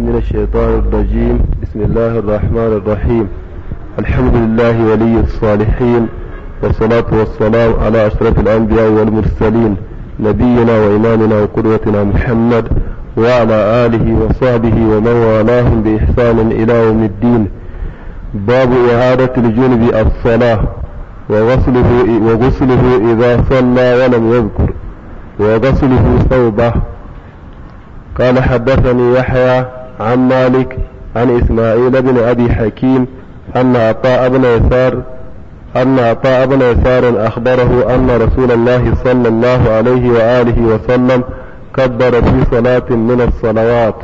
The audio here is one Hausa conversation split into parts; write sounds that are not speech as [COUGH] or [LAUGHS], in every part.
من الشيطان الرجيم بسم الله الرحمن الرحيم الحمد لله ولي الصالحين والصلاة والسلام على أشرف الأنبياء والمرسلين نبينا وإمامنا وقدوتنا محمد وعلى آله وصحبه ومن والاهم بإحسان إلى يوم الدين باب إعادة الجنب الصلاة وغسله وغسله إذا صلى ولم يذكر وغسله ثوبه قال حدثني يحيى عن مالك عن إسماعيل بن أبي حكيم أن عطاء بن يسار أن عطاء بن يسار أخبره أن رسول الله صلى الله عليه وآله وسلم كبر في صلاة من الصلوات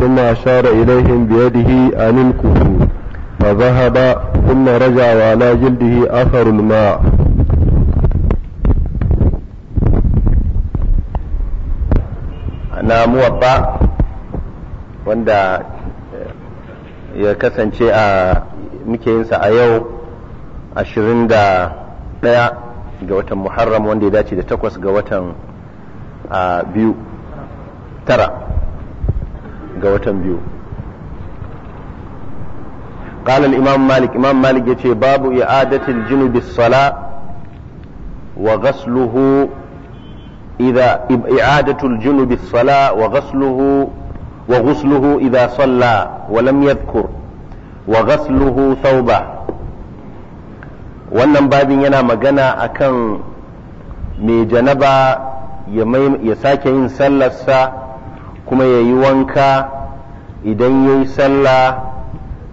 ثم أشار إليهم بيده أن انكفوا فذهب ثم رجع وعلى جلده أثر الماء أنا نعم، موطأ wanda eh, ya kasance a muke yinsa a yau 21 ga watan muharram wanda ya dace da takwas ga watan biyu tara ga watan biyu قال الإمام مالك إمام مالك يتي باب sala الجنب gasluhu وغسله إذا إعادة الجنب wa وغسله وغسله إذا صلى ولم يذكر وغسله wannan babin yana magana akan mai janaba ya sake yin sallarsa kuma ya yi wanka idan ya yi sallah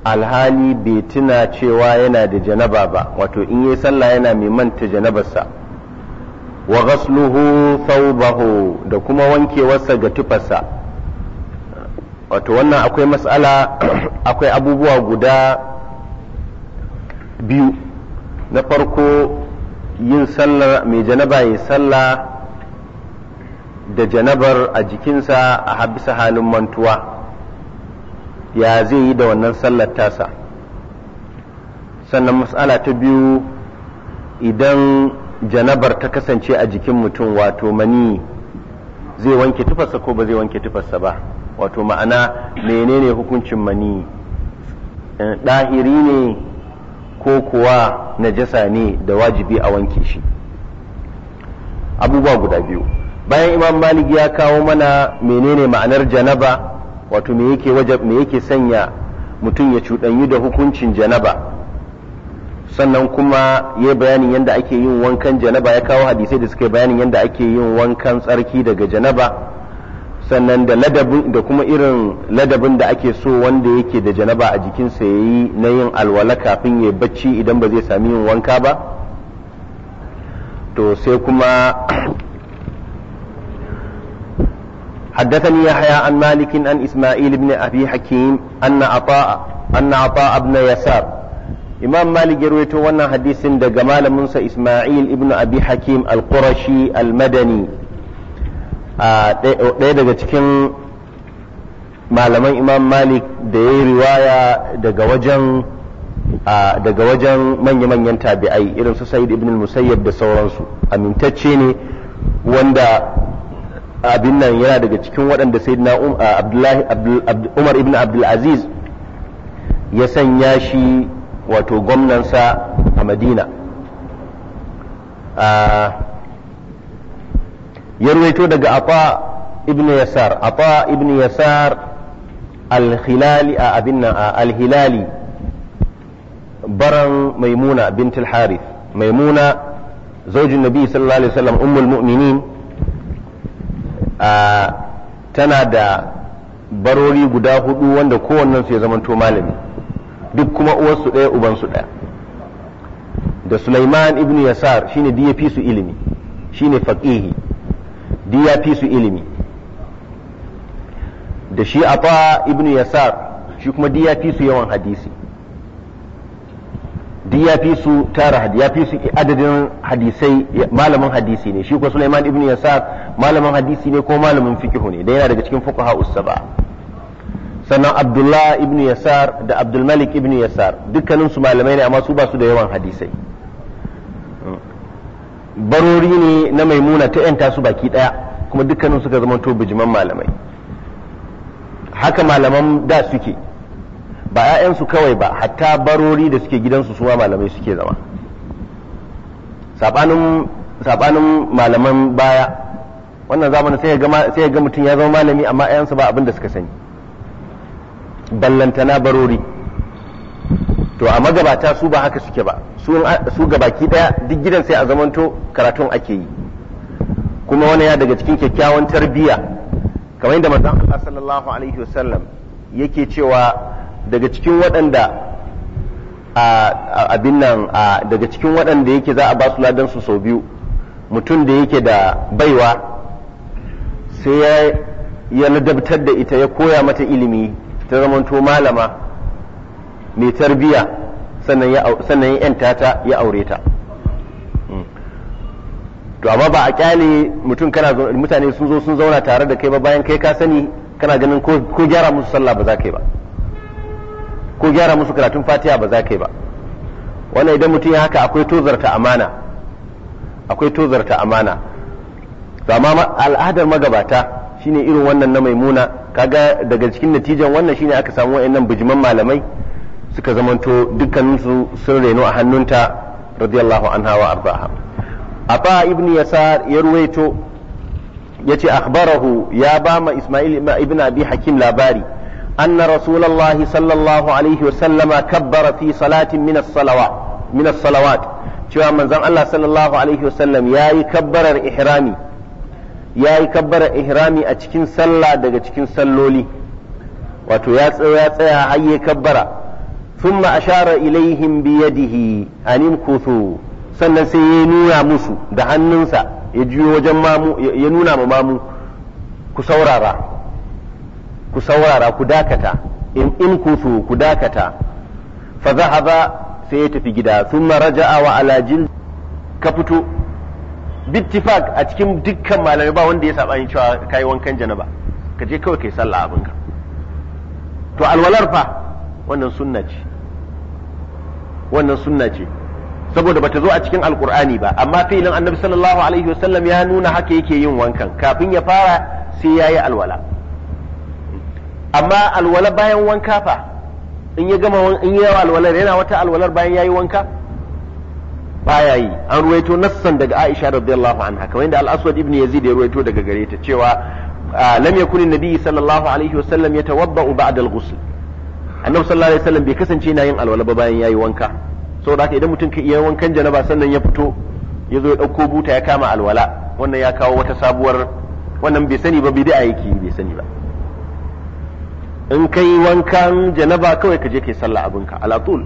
alhali bai tuna cewa yana da janaba ba wato in ya yi sallah yana mai manta janabarsa wa gasluhu thawbahu da kuma wankewarsa ga tufarsa wato wannan akwai matsala [CLEARS THROAT] akwai abubuwa guda biyu na farko yin sallar mai janaba ya sallah da janabar a jikinsa a habisa halin mantuwa ya zai yi da wannan sallar tasa sannan matsala ta biyu idan janabar ta kasance a jikin mutum wato mani zai wanke tufarsa ko ba zai wanke tufarsa ba wato ma'ana menene hukuncin mani eh, ɗahiri ne ko kuwa najasa ne da wajibi a wanke shi abubuwa guda biyu bayan imam malik ya kawo mana menene ma'anar janaba wato me yake sanya mutum ya cuɗanyi da hukuncin janaba sannan kuma ya bayanin yadda ake yin wankan janaba ya kawo hadisai da suke bayanin yadda ake yin wankan tsarki daga janaba sannan da ladabin da kuma irin ladabin da ake so wanda yake da janaba a jikinsa ya yi na yin alwala kafin ya bacci idan ba zai sami yin wanka ba to sai kuma حدثني يحيى an مالك an isma'il بن ابي hakim ان عطاء ان عطاء بن يسار امام مالك يروي wannan hadisin daga malamin sa Isma'il ibn Abi Hakim al-Qurashi al-Madani ɗaya daga cikin malaman imam malik da ya yi riwaya daga wajen daga wajen manya-manyan tabi'ai irin su sa'id ibn musayyab da sauransu amintacce ne wanda abin nan yana daga cikin waɗanda sayyidina um, umar ibn abdulaziz ya sanya shi wato gwamnansa a madina ya ruwaito daga afa ibn yasar afa ibn yasar al-hilali a abin al-hilali baran maimuna bint al-harith maimuna zaujin nabi sallallahu alaihi wasallam ummul mu'minin tana da barori guda hudu wanda su ya zamanto malami duk kuma uwarsu ɗaya ubansu ɗaya da Sulaiman ibn Yasar shine da ya su ilimi shine faqihi duk ya fi su ilimi da shi a ibnu yasar shi kuma duk su yawan hadisi duk ya fi su tara ya su adadin hadisai malamin hadisi ne shi kuma Sulaiman ibn Yasar malamin hadisi ne ko malamin fikihu ne da yana daga cikin fuqaha usaba sannan Abdullah ibnu Yasar da Abdul Malik ibn Yasar dukkanin su malamai ne amma su ba su da yawan hadisai barori ne na maimuna ta yanta su baki ɗaya kuma dukkanin suka zama to bijiman malamai haka malaman da suke ba 'ya'yansu kawai ba hatta barori da suke gidansu suwa malamai suke zama sabanin malaman baya wannan zamanin sai ga mutum ya zama malami amma 'ya'yansa ba abin da suka sani ballantana barori to a magabata su ba haka suke ba su gabaki daya duk gidan sai a zamanto karatun ake yi kuma wani ya daga cikin kyakkyawan tarbiyya kamar yadda manzon Allah sallallahu alaihi wasallam yake cewa daga cikin waɗanda abin nan daga cikin waɗanda yake za a ba su ladan su sau biyu mutum da yake da baiwa sai ya ladabtar da ita ya koya mata ilimi ta zamanto malama mai tarbiya sannan ya yan tata ya aure ta hmm. to amma ba a kyale mutum kana mutane sun zo sun zauna tare da kai ba bayan kai ka sani kana ganin ko gyara musu sallah ba za ka yi ba ko gyara musu karatun fatiha ba za ka yi ba wannan idan mutum ya haka akwai tozarta amana akwai tozarta amana amma al'adar magabata shine irin wannan na maimuna kaga daga cikin natijan wannan shine aka samu wayannan bijiman malamai suka zamanto dukkaninsu sun reno a hannunta radiyallahu anha wa ardaha aba ibn yasar ya ruwaito yace akhbarahu ya ba ma isma'il ibn abi hakim labari anna rasulullahi sallallahu alaihi wasallama kabbara fi salatin min as-salawat min as-salawat cewa manzon Allah sallallahu alaihi wasallam yayi kabbarar ihrami yayi kabbarar ihrami a cikin sallah daga cikin salloli wato ya tsaya ya tsaya har kabbara ثم أشار إليهم بيده أن امكثوا sannan sai ya nuna musu da hannunsa ya juyo wajen mamu ya nuna ma mamu ku saurara ku dakata in in ku dakata fa zahaba sai ya tafi gida thumma raja'a wa ala ka fito bittifak a cikin dukkan malamai ba wanda ya saba yin cewa kai wankan janaba ba je kawai kai sallah abinka to alwalar fa wannan sunna ce wannan sunna ce saboda bata zo a cikin alkur'ani ba amma filin annabi sallallahu alaihi wasallam ya nuna haka yake yin wankan kafin ya fara sai ya yi alwala amma alwala bayan wanka fa in ya gama in ya alwalar yana wata alwalar bayan ya yi wanka baya yi an ruwaito nassan daga Aisha radiyallahu anha kamar yadda al-Aswad ibn Yazid ya ruwaito daga gare ta cewa ah, lam yakun an-nabi sallallahu alaihi wasallam yatawabba'u ba'da al-ghusl annabi sallallahu alaihi wasallam bai kasance yana yin alwala ba bayan yayi wanka saboda haka idan mutum ka iya wankan janaba sannan ya fito ya zo ya dauko buta ya kama alwala wannan ya kawo wata sabuwar wannan bai sani ba da yake bai sani ba in kai wankan janaba kawai ka je kai sallah abinka ala tul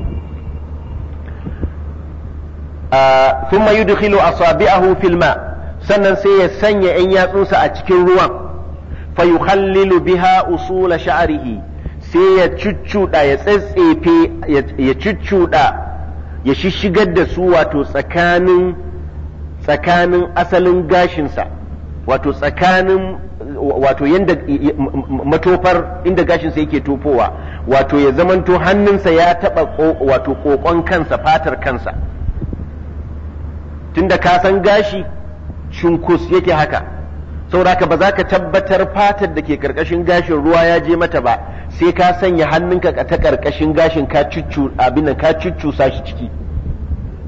thumma yudkhilu asabi'ahu fil ma sannan sai ya sanya 'yan yatsunsa a cikin ruwan fa yukhallilu biha usula sha'rihi sai ya cuccuɗa ya tsatsefe ya cuccuɗa ya shishigar da su wato tsakanin asalin gashinsa wato tsakanin wato yadda matofar inda gashinsa yake tofowa wato ya zamanto hannunsa ya taɓa wato ƙoƙon kansa fatar kansa tunda ka san gashi cunkus yake haka saboda ba za ka tabbatar fatar da ke karkashin gashin ruwa ya je mata ba sai ka sanya hannunka ta karkashin gashin ka cuccu abin nan ka cuccu shi ciki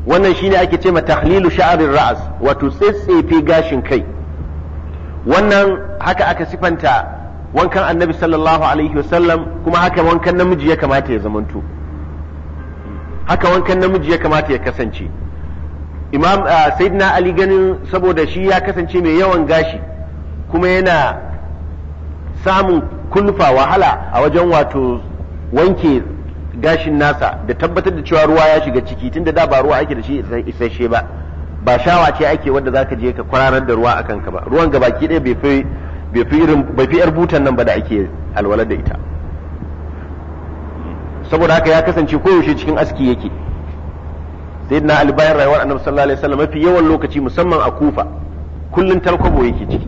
wannan shine ake ce ma tahlilu sha'rir ra'as wato tsetsefe gashin kai wannan haka aka sifanta wankan annabi sallallahu alaihi wasallam kuma haka wankan namiji ya kamata ya zamanto haka wankan namiji ya kamata ya kasance imam ah, sayyidina ali ganin saboda shi ya kasance mai yawan gashi kuma yana samun kunfa wahala a wajen wato wanke gashin nasa da tabbatar da cewa ruwa ya shiga ciki tunda da ba ruwa ake da shi isasshe ba ba shawa ce ake wanda zaka je ka kwararar da ruwa akan ka ba ruwan gabaki ɗaya bai fi bai fi irin bai fi yar butan nan ba da ake alwalar da ita saboda haka ya kasance koyaushe cikin aski yake sai na albayar rayuwar annabi sallallahu alaihi wasallam mafi yawan lokaci musamman a kufa kullun talkwabo yake ciki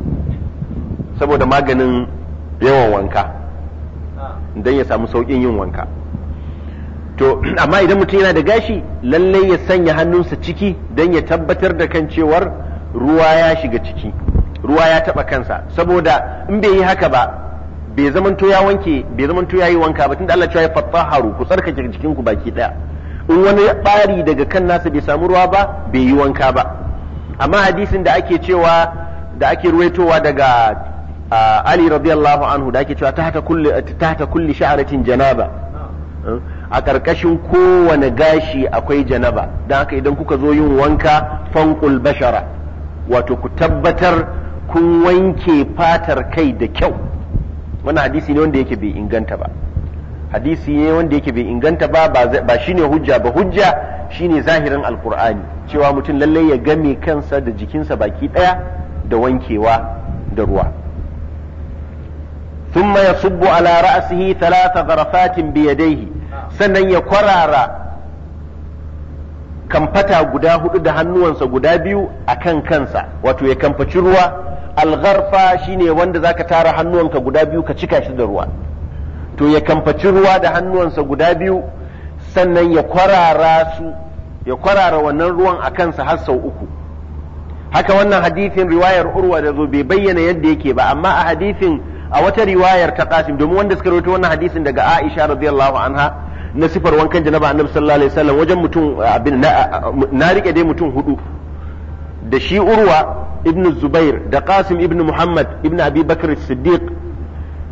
saboda maganin yawan wanka don ya samu sauƙin yin wanka to [CLEARS THROAT] amma idan mutum yana da gashi lallai ya sanya hannunsa ciki don ya tabbatar da kan cewar ruwa ya shiga ciki ruwa ya taɓa kansa saboda in bai yi haka ba bai zamanto ya wanke bai zamanto ya yi wanka ba tunda Allah cewa ya fattaharu ku tsarkake jikinku baki daya in wani bari daga kan nasa bai samu ruwa ba bai yi wanka ba amma hadisin da ake cewa da ake ruwaitowa daga ali radiyallahu anhu da ake cewa tahta kulli kulli janaba a ƙarƙashin kowane gashi akwai janaba don haka idan kuka zo yin wanka fankul bashara wato ku tabbatar kun wanke fatar kai da kyau wannan hadisi ne wanda yake bai inganta ba hadisi ne wanda yake bai inganta ba ba shine hujja ba hujja shine zahirin alkur'ani cewa mutum lallai ya game kansa da jikinsa baki ɗaya da wankewa da ruwa thumma yasubbu ala ra'sihi zarafatin gharafatin bi yadayhi sannan ya kwarara kamfata guda hudu da hannuwansa guda biyu akan kansa wato ya kamfaci ruwa algharfa shine wanda zaka tara hannuwanka guda biyu ka cika shi da ruwa to ya kamfaci ruwa da hannuwansa guda biyu sannan ya kwarara su wannan ruwan a kansa har sau uku haka wannan hadithin riwayar urwa da zo bai bayyana yadda yake ba amma a hadithin a wata riwayar ta qasim domin wanda suka rawaito wannan hadisin daga aisha radiyallahu anha na sifar wankan janaba annabi sallallahu alaihi wasallam wajen mutum abin na rike dai mutum hudu da shi urwa ibn zubair da qasim ibn muhammad ibn abi bakr siddiq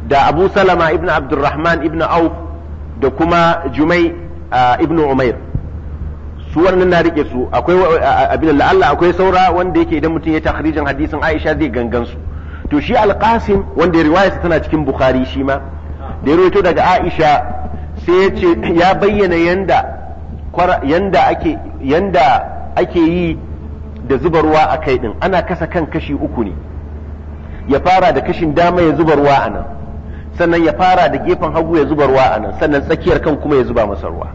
da abu salama ibn abdurrahman ibn auf da kuma jumai ibn umair su wannan na rike su akwai abin la'alla akwai saura wanda yake idan mutum ya takhrijin hadisin aisha zai gangan su to shi alqasim wanda riwayarsa tana cikin bukhari shi ma da ya rawaito daga aisha sai ya ce ya bayyana yanda yanda ake yanda ake yi da zubarwa ruwa a kai din ana kasa kan kashi uku ne ya fara da kashin dama ya zubarwa ruwa a nan sannan ya fara da gefen hagu ya zubarwa ruwa a nan sannan tsakiyar kan kuma ya zuba masa ruwa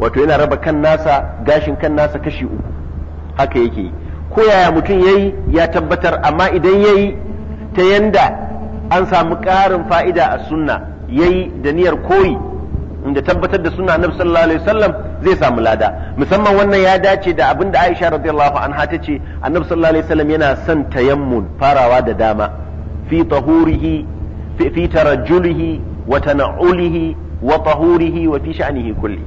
wato yana raba kan nasa gashin kan nasa kashi uku haka yake ko yaya mutum yayi ya tabbatar amma idan yayi ta yanda an samu ƙarin fa'ida a sunna yi da niyyar koyi inda tabbatar da suna annabi sallallahu alaihi wasallam zai samu lada musamman wannan ya dace da abin da Aisha radiyallahu anha ta ce annabi sallallahu alaihi wasallam yana son tayammun farawa da dama fi tahurihi fi tarajjulihi wa tana'ulihi wa tahurihi wa fi sha'nihi kulli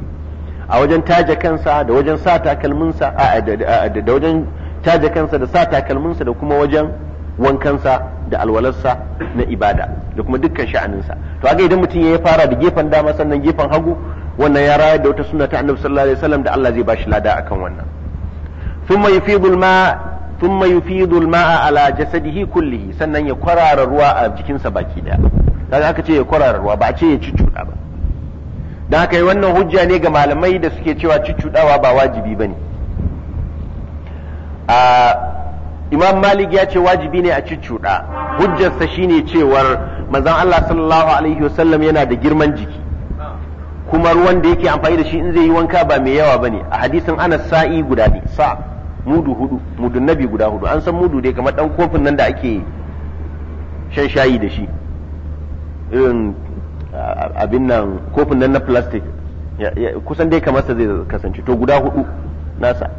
a wajen taje kansa da wajen sa takalminsa da wajen taje kansa da sa takalminsa da kuma wajen wankansa da alwalarsa na ibada da kuma dukkan sha'aninsa to aga idan mutum ya fara da gefen dama sannan gefen hagu wannan ya rayar da wata suna ta annabi sallallahu alaihi wasallam da Allah zai ba shi lada akan wannan thumma yufidul ma thumma yufidul ma'a ala jasadihi kullihi sannan ya kwarara ruwa a jikinsa baki daya kaga aka ce ya kwarara ruwa ba a ce ya cuccuda ba dan haka wannan hujja ne ga malamai da suke cewa cucuɗawa ba wajibi bane a imam malik ya ce wajibi ne a cuccuɗa hujjarsa shine cewar manzon Allah sallallahu alaihi wasallam yana da girman jiki kuma ruwan da yake amfani da shi in zai yi wanka ba mai yawa bane a hadisin Anas sa'i guda ne sa mudu hudu mudun nabi guda hudu an san mudu dai kamar dan kofin nan da ake shan shayi da shi irin abin nan kofin nan na plastic kusan dai kamar sa zai kasance to guda hudu nasa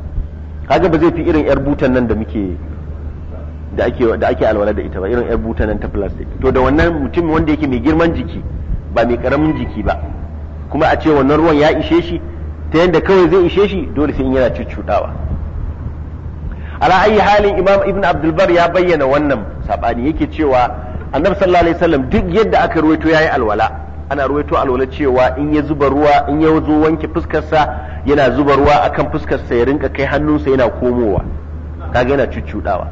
kaga ba zai fi irin yar butan nan da muke da ake da ake alwala da ita ba irin yar buta nan ta plastic to da wannan mutum wanda yake mai girman jiki ba mai karamin jiki ba kuma a ce wannan ruwan ya ishe shi ta yadda kawai zai ishe shi dole sai in yana cuccudawa ala ayi halin imam ibn bar ya bayyana wannan sabani yake cewa annabi sallallahu alaihi wasallam duk yadda aka ruwaito yayi alwala ana ruwaito alwala cewa in ya zuba ruwa in ya zo wanke fuskarsa yana zuba ruwa akan fuskarsa ya rinka kai hannunsa yana komowa kaga yana cuccuɗawa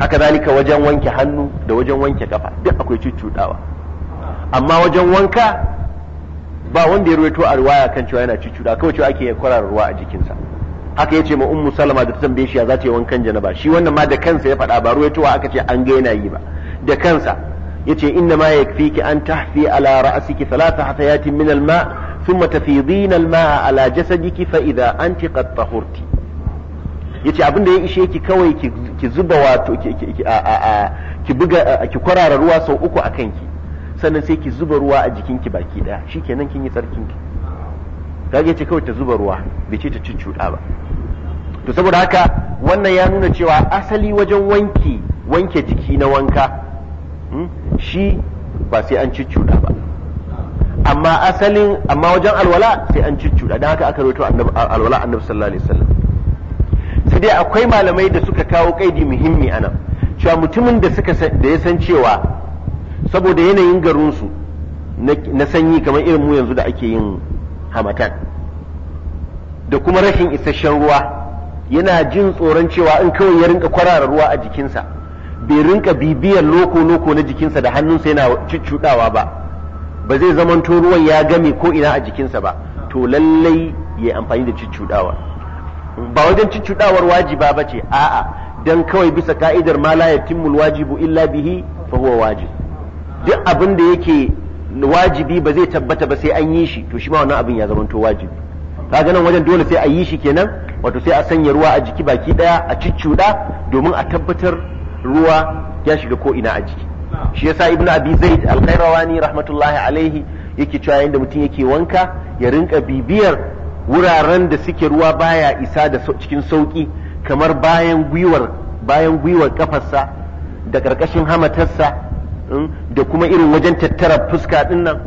haka zalika wajen wanke hannu da wajen wanke kafa duk akwai cuccuɗawa amma wajen wanka ba wanda ya ruwaito a kan cewa yana cuccuɗa kawai cewa ake kwarara ruwa a jikinsa haka ya ce ma ummu salama da ta tambaye shi ya za ta yi wankan janaba shi wannan ma da kansa ya faɗa ba ruwaitowa aka ce an ga yana yi ba da kansa ya ce inna ma yakfiki an tahfi ala ra'siki thalatha hasayatin min al-ma' ثم تفيضين الماء على جسدك فإذا أنت قد yace abin da ya ishe ki kawai ki zuba wato ki buga ki kwarara ruwa sau uku a kanki sannan sai ki zuba ruwa a jikinki baki daya shikenan kin yi tsarkin ki kage ce kawai ta zuba ruwa bai ce ta cuccuda ba to saboda haka wannan ya nuna cewa asali wajen wanki wanke jiki na wanka hmm, shi ba sai an cuccuda ba amma asalin amma wajen alwala sai an cuccuda don haka aka rawaito alwala annabi sallallahu alaihi wasallam dai akwai malamai da suka kawo kaidi muhimmi anan cewa mutumin da suka da ya san cewa saboda yanayin garinsu na sanyi kamar irin mu yanzu da ake yin hamatan da kuma rashin isasshen ruwa yana jin tsoron cewa in kawai ya rinka kwarara ruwa a jikinsa bai rinka bibiyar loko-loko na jikinsa da hannunsa yana cuccuɗawa ba ba zai zamanto ruwan ya game ko ina a jikinsa ba to lallai ya yi amfani da cuccuɗawa ba wajen cucudawar wajiba ba ce a'a dan kawai bisa ka'idar ma la yatimmu wajibu illa bihi fa huwa wajib duk abin da yake wajibi ba zai tabbata ba sai an yi shi to shi ma wannan abin ya to wajibi kaga nan wajen dole sai a yi shi kenan wato sai a sanya ruwa a jiki baki daya a cicciuda domin a tabbatar ruwa ya shiga ko ina a jiki shi yasa ibn abi zaid al-khairawani rahmatullahi alaihi yake cewa yayin da mutum yake wanka ya rinka bibiyar wuraren da suke ruwa baya isa da cikin sauki kamar bayan gwiwar bayan gwiwar kafarsa da ƙarƙashin hamatarsa mm, da kuma irin wajen tattara fuska ɗin nan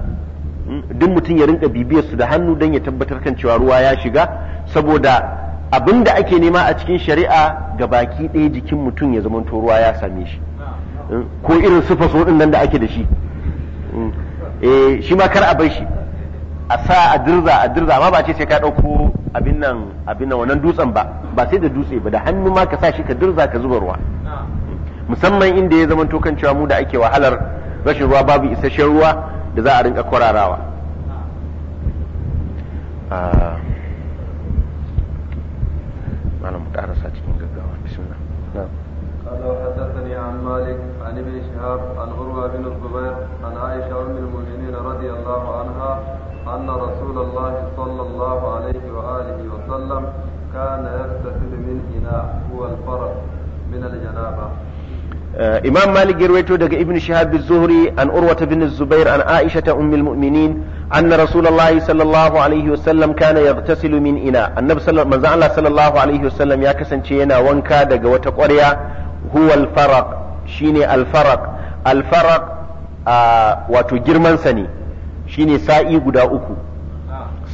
mm, duk mutum ya rinka bibiyar su da hannu don ya tabbatar kan cewa ruwa ya shiga saboda abin da ake nema a cikin shari'a ga baki ɗaya jikin mutum ya zama ruwa ya same shi mm, ko irin sufa so ɗin nan da ake da shi eh, shi ma kar a bar shi a sa a dirza a dirza amma ba ce sai ka ɗauko abin nan abin nan wannan dutsen ba ba sai da dutse ba da hannu ma ka sa shi ka dirza ka zuba ruwa musamman inda ya zama tokan cewa mu da ake wahalar rashin ruwa babu isasshen ruwa da za a rinka kwararawa ah. malam ƙarasa Uh, imam malik ya rawaito daga ibn shihab az-zuhri an urwata bin zubair an aisha ta ummul mu'minin anna sallallahu alaihi wasallam kana yaghtasilu min ina annabi Allah sallallahu alaihi wasallam ya kasance yana wanka daga wata ƙwarya huwa al-faraq shine al-faraq uh, wato girman ne shine sa'i guda uku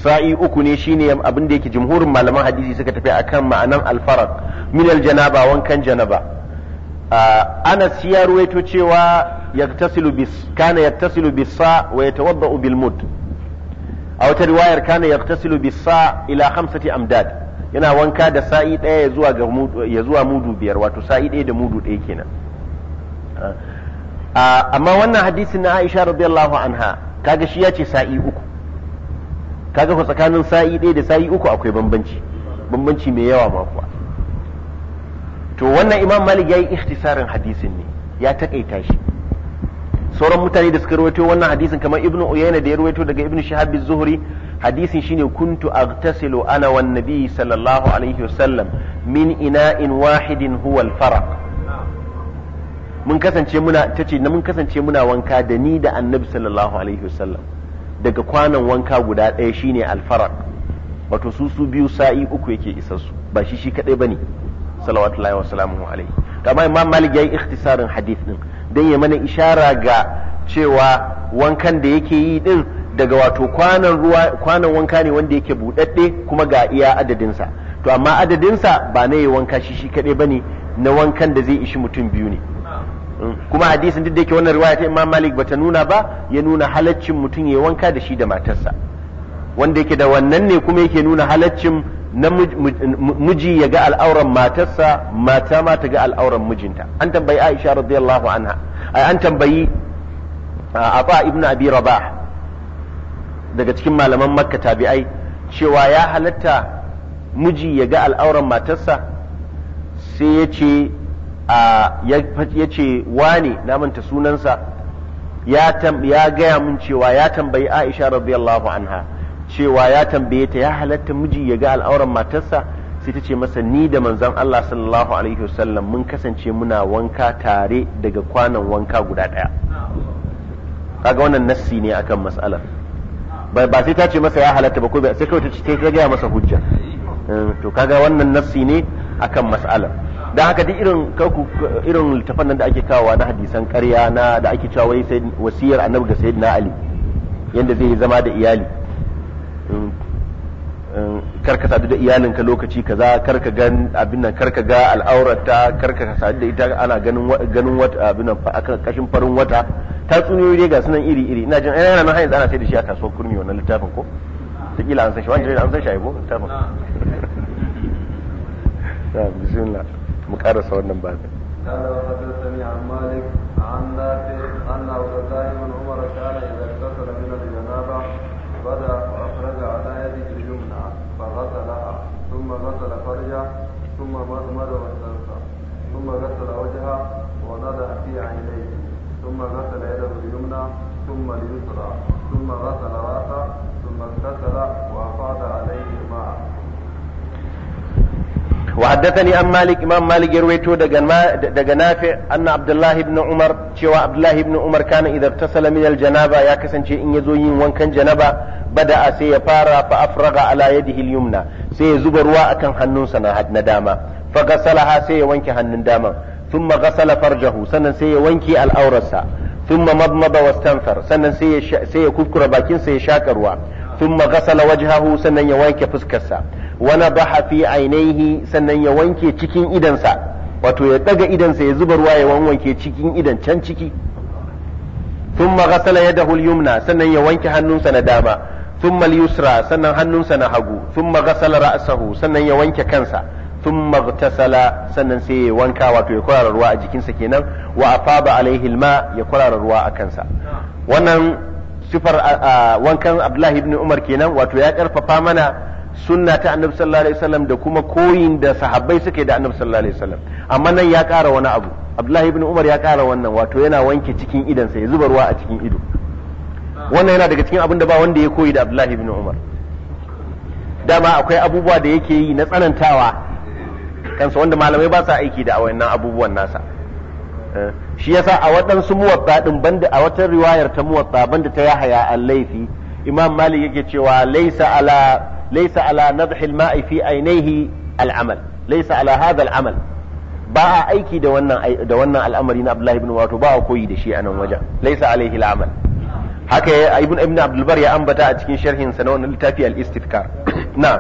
sa'i uku ne shine abin da yake jumhurin malaman hadisi suka tafi akan ma'anan alfarak min al-janaba wankan janaba anas ya ruwaito cewa yaktasilu bis kana ta bis sa wa yatawaddau bil mud a wata riwayar kana ta bis sa ila hamsati amdad yana wanka da sa'i ɗaya ya zuwa mudu biyar wato sa'i ɗaya da mudu ɗaya kenan amma wannan hadisin na Aisha radiyallahu anha kaga shi yace sa'i uku kaga ko tsakanin sa'i ɗaya da sa'i uku akwai bambanci bambanci mai yawa ma kuwa to wannan imam malik ya yi ikhtisarin hadisin ne ya taƙaita shi sauran mutane da suka rawaito wannan hadisin kamar ibnu uyayna da ya rawaito daga ibnu shihab az-zuhri hadisin shine kuntu aghtasilu ana wan nabi sallallahu alaihi wasallam min ina'in wahidin huwa al-farq mun kasance muna tace mun kasance muna wanka da ni da annabi sallallahu alaihi wasallam daga kwanan wanka guda ɗaya shine al-farq wato su su biyu sa'i uku yake isar su ba shi shi kadai bane salawatullahi wa salamuhu alaihi to amma imam malik yayi ikhtisarin hadith din dan ya mana ishara ga cewa wankan da yake yi din daga wato kwanan ruwa kwanan wanka ne wanda yake budadde kuma ga iya adadin sa to amma adadin sa ba na yi wanka shi shi kadai bane na wankan da zai ishi mutum biyu ne mm. kuma hadisin duk da yake wannan riwaya ta imam malik bata nuna ba ya nuna halaccin mutum ya wanka da shi da matarsa wanda yake da wannan ne kuma yake nuna halaccin na miji ya ga al'auran matarsa mata ma ta ga al'auran mijinta an tambayi Aisha radiyallahu anha ai an tambayi Aba ibn Abi Rabah daga cikin malaman Makka tabi'ai cewa ya halatta miji ya ga al'auran matarsa sai ya ce ya ce wani manta sunansa ya gaya mun cewa ya tambayi Aisha radiyallahu anha cewa ya tambaye ta ya halatta miji ya ga al'auran matarsa sai ta ce masa ni da manzon Allah sallallahu alaihi wasallam mun kasance muna wanka tare daga kwanan wanka guda daya kaga wannan nassi ne akan mas'alar ba ba sai ta ce masa ya halatta ba ko sai kawai ta ce ta ga masa hujja eh, to kaga wannan nassi ne akan mas'alar dan haka duk irin irin littafan nan da ake kawowa na hadisan ƙarya na da ake cewa wai wasiyar annabi ga sayyidina ali yanda zai zama da iyali karka sadu da iyalinka lokaci kaza karka gan abin nan karka ga al'aurata karka sadu da ita ana ganin ganin wata abin nan aka kashin farin wata ta tsuniyoyi dai ga sunan iri iri ina jin ai yana nan har ana sai da shi a kaso kurmi wannan littafin ko ta kila an san shi wanda an san shi aibo littafin [LAUGHS] bismillah mu karasa wannan babin قال وحدثني عن مالك عن نافع عن عبد wa بن ثم مضمر واستنصى ثم غسل وجهه ونضع في عينيه ثم غسل يده اليمنى ثم اليسرى ثم غسل راسه ثم اغتسل وافاض عليه الماء وحدثني عن مالك امام مالك يرويته دغ نافع ان عبد الله بن عمر شوى عبد الله بن عمر كان اذا اغتسل من الجنابه يا كسنشي ان يزو ين وان كان جنابه bada'a sai ya fara fa afraga ala yadihi al-yumna sai ya zuba ruwa akan hannunsa na dama fa gasalaha sai ya wanke hannun dama thumma gasala farjahu sannan sai ya wanke al'aurarsa thumma madmada wastanfar sannan sai ya sai ya kuskura bakinsa ya shaka ruwa thumma gasala wajhahu sannan ya wanke fuskarsa wa nadaha fi ainihi sannan ya wanke cikin idansa wato ya daga idansa ya zuba ruwa ya wanke cikin idan can ciki thumma gasala yadahu al-yumna sannan ya wanke hannunsa na dama thumma al-yusra sannan hannunsa na hagu thumma ghasala ra'sahu sannan ya wanke kansa thumma ightasala sannan sai ya wanka wato ya kwarara ruwa a jikinsa kenan wa afaba alaihi al ya kwarara a kansa wannan sifar wankan Abdullahi ibn Umar kenan wato ya karfafa mana sunna ta annabi sallallahu alaihi wasallam da kuma koyin da sahabbai suke da annabi sallallahu alaihi wasallam amma nan ya ƙara wani abu abdullahi ibn umar ya ƙara wannan wato yana wanke cikin sa ya zuba ruwa a cikin ido wannan yana daga cikin abin da ba wanda ya koyi da abdullahi ibn umar dama akwai abubuwa da yake yi na tsanantawa kansa wanda malamai ba sa aiki da wayannan abubuwan nasa eh, shi yasa a waɗansu muwatta din banda a wata riwayar ta muwatta banda ta yahaya al-laifi imam malik yake cewa laysa ala laysa ala nadh al-ma'i fi ainihi al-amal laysa ala hadha al-amal ba a aiki da wannan da wannan al'amari na abdullahi ibn wato ba a koyi da shi a nan wajen laysa alaihi al-amal haka ya ibn ibn abdulbar ya ambata a cikin sharhin sa na wannan littafi al istifkar na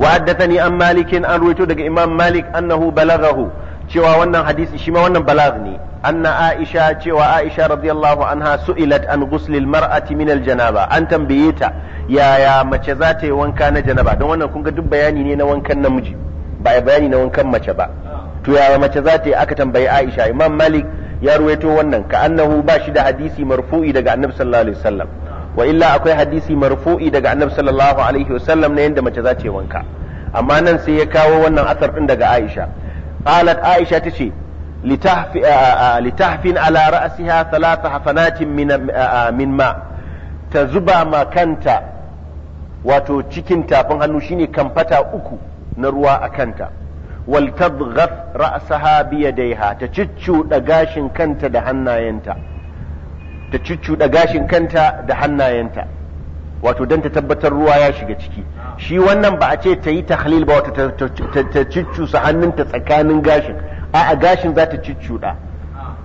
وحدثني عن مالك ان رويته امام مالك انه بلغه cewa wannan hadisi shi ma wannan balagh ne anna aisha cewa aisha radiyallahu anha su'ilat an ghuslil mar'ati min al janaba an tambaye ta yaya mace za ta yi wanka na janaba don wannan kun ga duk bayani ne na wankan namiji ba bayani na wankan mace ba to yaya mace za ta yi aka tambayi aisha imam malik ya ruwaito wannan ka annahu ba shi da hadisi marfu'i daga annabi sallallahu alaihi wasallam wa illa akwai hadisi marfu'i daga annabi sallallahu alaihi wasallam na yanda mace za ta yi wanka amma nan sai ya kawo wannan asar din daga aisha qalat aisha tace litahfin ala ra'siha thalatha hafanatin min ma ta zuba ma kanta wato cikin tafin hannu shine kamfata uku na ruwa a kanta wal tadghath ra'saha bi yadayha ta ciccuda gashin kanta da hannayenta ta gashin kanta da hannayenta wato dan ta tabbatar ruwa ya shiga ciki shi wannan ba a ce ta yi tahlil ba wata ta ciccusa hannunta tsakanin gashin a a gashin za ta ciccuda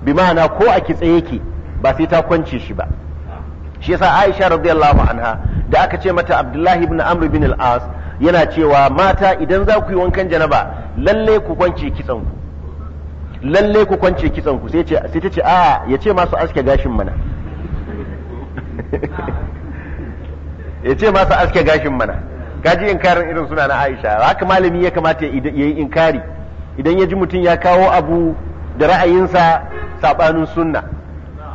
bi ma'ana ko a kitse yake ba sai ta kwance shi ba shi yasa Aisha radiyallahu anha da aka ce mata Abdullahi ibn Amr bin al-As yana cewa mata idan za ku yi wankan janaba lalle ku kwance kitsan ku lalle ku kwance kitsan ku sai ta ce a ya ce masu aske gashin mana [LAUGHS] ya ce masu aske gashin mana gaji inkarin irin suna na Aisha haka malami ya kamata ya yi inkari idan ya ji mutum ya kawo abu da ra'ayinsa sabanin sunna